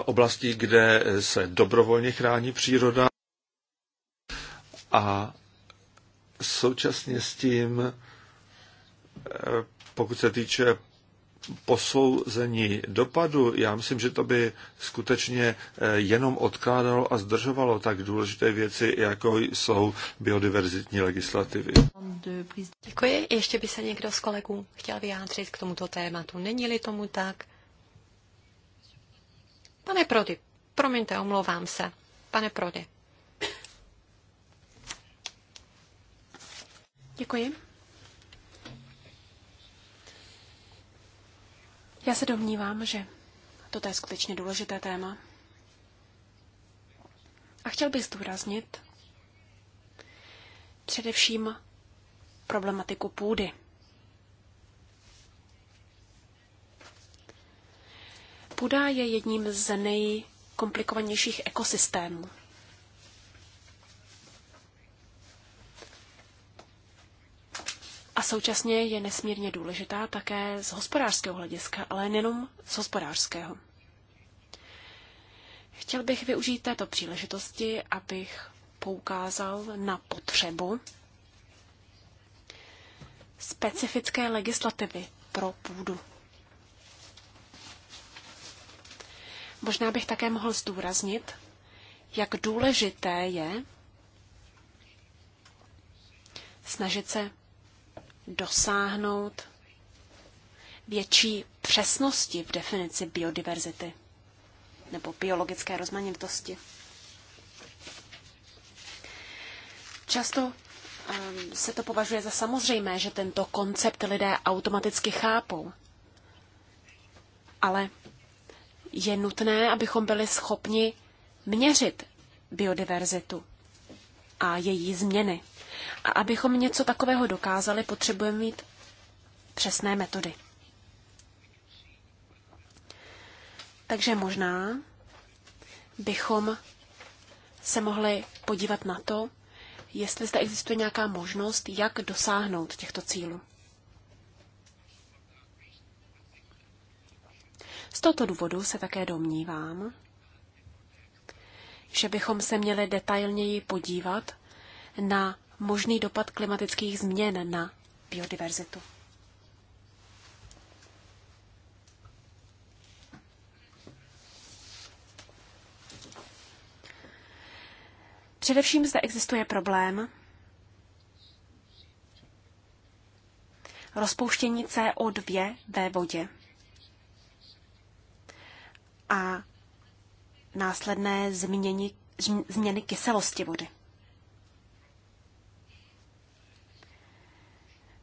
oblasti, kde se dobrovolně chrání příroda. A současně s tím, eh, pokud se týče posouzení dopadu, já myslím, že to by skutečně eh, jenom odkládalo a zdržovalo tak důležité věci, jako jsou biodiverzitní legislativy. Děkuji. Ještě by se někdo z kolegů chtěl vyjádřit k tomuto tématu. Není-li tomu tak? Pane Prody, promiňte, omlouvám se. Pane Prody. Děkuji. Já se domnívám, že toto je skutečně důležité téma. A chtěl bych zdůraznit především problematiku půdy. Půda je jedním z nejkomplikovanějších ekosystémů. a současně je nesmírně důležitá také z hospodářského hlediska, ale nejenom z hospodářského. Chtěl bych využít této příležitosti, abych poukázal na potřebu specifické legislativy pro půdu. Možná bych také mohl zdůraznit, jak důležité je snažit se dosáhnout větší přesnosti v definici biodiverzity nebo biologické rozmanitosti. Často ehm, se to považuje za samozřejmé, že tento koncept lidé automaticky chápou. Ale je nutné, abychom byli schopni měřit biodiverzitu a její změny. A abychom něco takového dokázali, potřebujeme mít přesné metody. Takže možná bychom se mohli podívat na to, jestli zde existuje nějaká možnost, jak dosáhnout těchto cílů. Z tohoto důvodu se také domnívám, že bychom se měli detailněji podívat na možný dopad klimatických změn na biodiverzitu. Především zde existuje problém rozpouštění CO2 ve vodě a následné změny, změny kyselosti vody.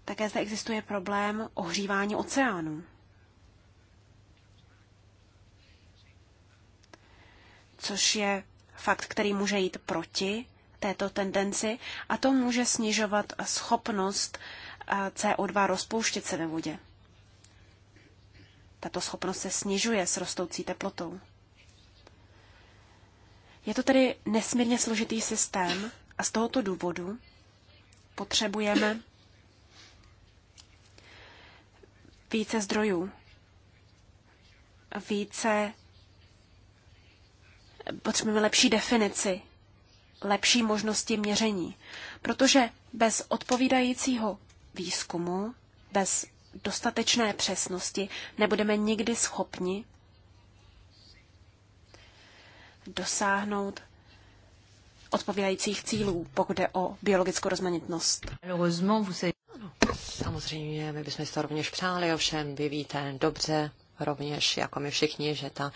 Také zde existuje problém ohřívání oceánů. Což je fakt, který může jít proti této tendenci a to může snižovat schopnost eh, CO2 rozpouštět se ve vodě. Tato schopnost se snižuje s rostoucí teplotou. Je to tedy nesmírně složitý systém a z tohoto důvodu potřebujeme více zdrojů, více potřebujeme lepší definici, lepší možnosti měření, protože bez odpovídajícího výzkumu, bez dostatečné přesnosti nebudeme nikdy schopni dosáhnout odpovídajících cílů, pokud jde o biologickou rozmanitnost. Ano, samozřejmě, my bychom si to rovněž přáli, ovšem vy víte dobře, rovněž jako my všichni, že ta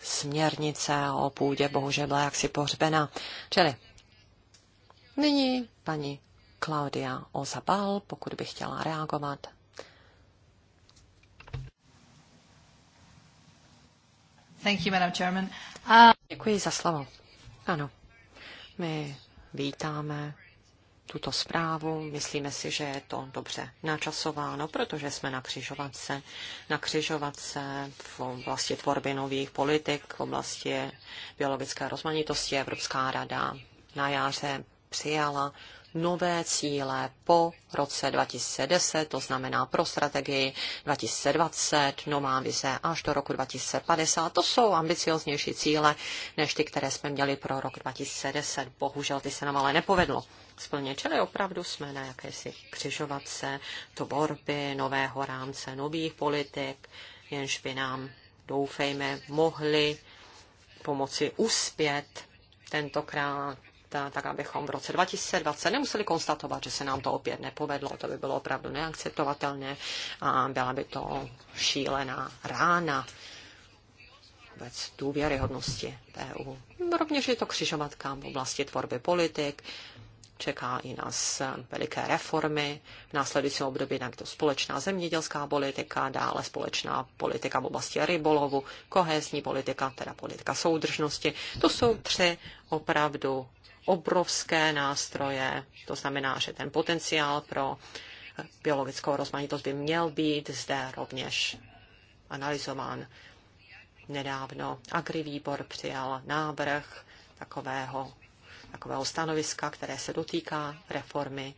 směrnice o půdě bohužel byla jaksi pohřbena. Čili nyní paní Claudia Ozabal, pokud by chtěla reagovat. Thank you, Madam Chairman. Uh... Děkuji za slovo. Ano, my vítáme tuto zprávu. Myslíme si, že je to dobře načasováno, protože jsme na křižovatce, na křižovatce v oblasti tvorby nových politik, v oblasti biologické rozmanitosti. Evropská rada na jaře přijala nové cíle po roce 2010, to znamená pro strategii 2020, nová vize až do roku 2050. To jsou ambicioznější cíle než ty, které jsme měli pro rok 2010. Bohužel ty se nám ale nepovedlo splně. Čili opravdu jsme na jakési křižovatce tvorby nového rámce, nových politik, jenž by nám, doufejme, mohli pomoci uspět tentokrát tak abychom v roce 2020 nemuseli konstatovat, že se nám to opět nepovedlo. To by bylo opravdu neakceptovatelné a byla by to šílená rána vůbec důvěryhodnosti EU. Rovněž je to křižovatka v oblasti tvorby politik, čeká i nás veliké reformy v následujícím období, jednak to společná zemědělská politika, dále společná politika v oblasti rybolovu, kohezní politika, teda politika soudržnosti. To jsou tři opravdu obrovské nástroje, to znamená, že ten potenciál pro biologickou rozmanitost by měl být zde rovněž analyzován nedávno. Agri výbor přijal návrh takového takového stanoviska, které se dotýká reformy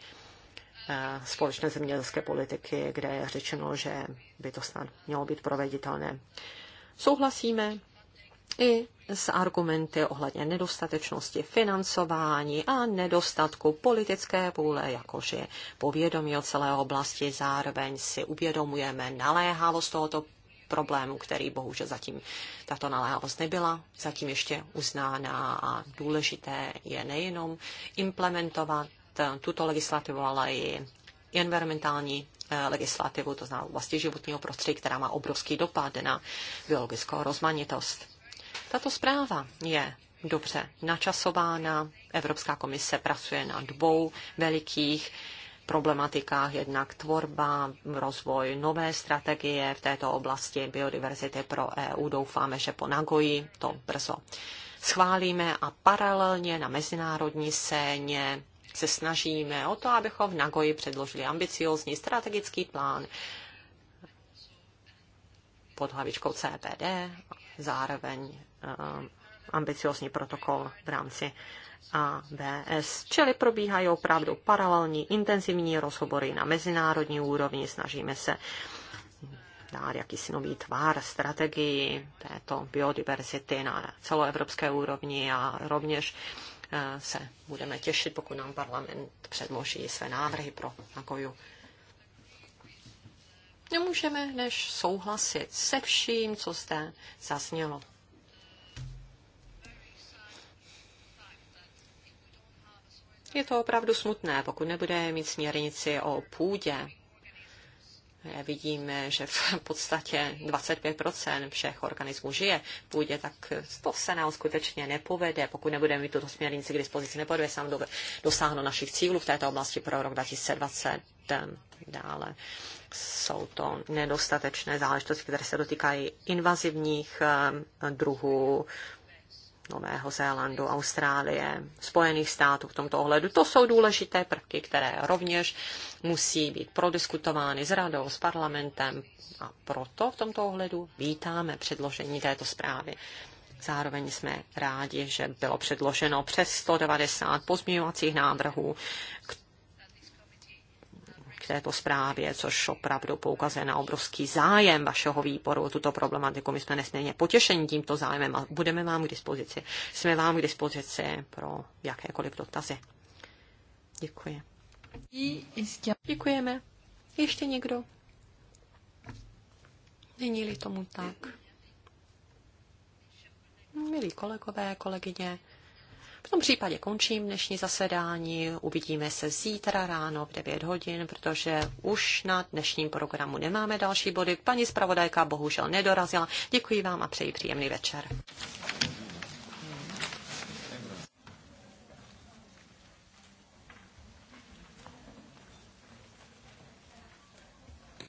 eh, společné zemědělské politiky, kde je řečeno, že by to snad mělo být proveditelné. Souhlasíme i s argumenty ohledně nedostatečnosti financování a nedostatku politické vůle, jakože povědomí o celé oblasti. Zároveň si uvědomujeme naléhavost tohoto problému, který bohužel zatím tato naléhavost nebyla, zatím ještě uznána a důležité je nejenom implementovat tuto legislativu, ale i environmentální eh, legislativu, to znamená vlastně životního prostředí, která má obrovský dopad na biologickou rozmanitost. Tato zpráva je dobře načasována. Evropská komise pracuje na dvou velikých problematikách, jednak tvorba, rozvoj nové strategie v této oblasti biodiverzity pro EU. Doufáme, že po Nagoji to brzo schválíme a paralelně na mezinárodní scéně se snažíme o to, abychom v Nagoji předložili ambiciozní strategický plán pod hlavičkou CPD, zároveň eh, ambiciozní protokol v rámci a VS, čili probíhají opravdu paralelní intenzivní rozhovory na mezinárodní úrovni. Snažíme se dát jakýsi nový tvár strategii této biodiverzity na celoevropské úrovni a rovněž eh, se budeme těšit, pokud nám parlament předloží své návrhy pro Nagoju. Nemůžeme než souhlasit se vším, co zde zaznělo. Je to opravdu smutné, pokud nebude mít směrnici o půdě. Vidíme, že v podstatě 25 všech organismů žije v půdě, tak to se nám skutečně nepovede. Pokud nebudeme mít tuto směrnici k dispozici, nepovede se nám dosáhnout našich cílů v této oblasti pro rok 2020 dále jsou to nedostatečné záležitosti, které se dotýkají invazivních eh, druhů, Nového Zélandu, Austrálie, Spojených států v tomto ohledu. To jsou důležité prvky, které rovněž musí být prodiskutovány s radou, s parlamentem a proto v tomto ohledu vítáme předložení této zprávy. Zároveň jsme rádi, že bylo předloženo přes 190 pozměňovacích návrhů k této zprávě, což opravdu poukazuje na obrovský zájem vašeho výboru o tuto problematiku. My jsme nesmírně potěšeni tímto zájmem a budeme vám k dispozici. Jsme vám k dispozici pro jakékoliv dotazy. Děkuji. Děkujeme. Ještě někdo? Není-li tomu tak. Milí kolegové, kolegyně, v tom případě končím dnešní zasedání. Uvidíme se zítra ráno v 9 hodin, protože už na dnešním programu nemáme další body. Paní zpravodajka bohužel nedorazila. Děkuji vám a přeji příjemný večer.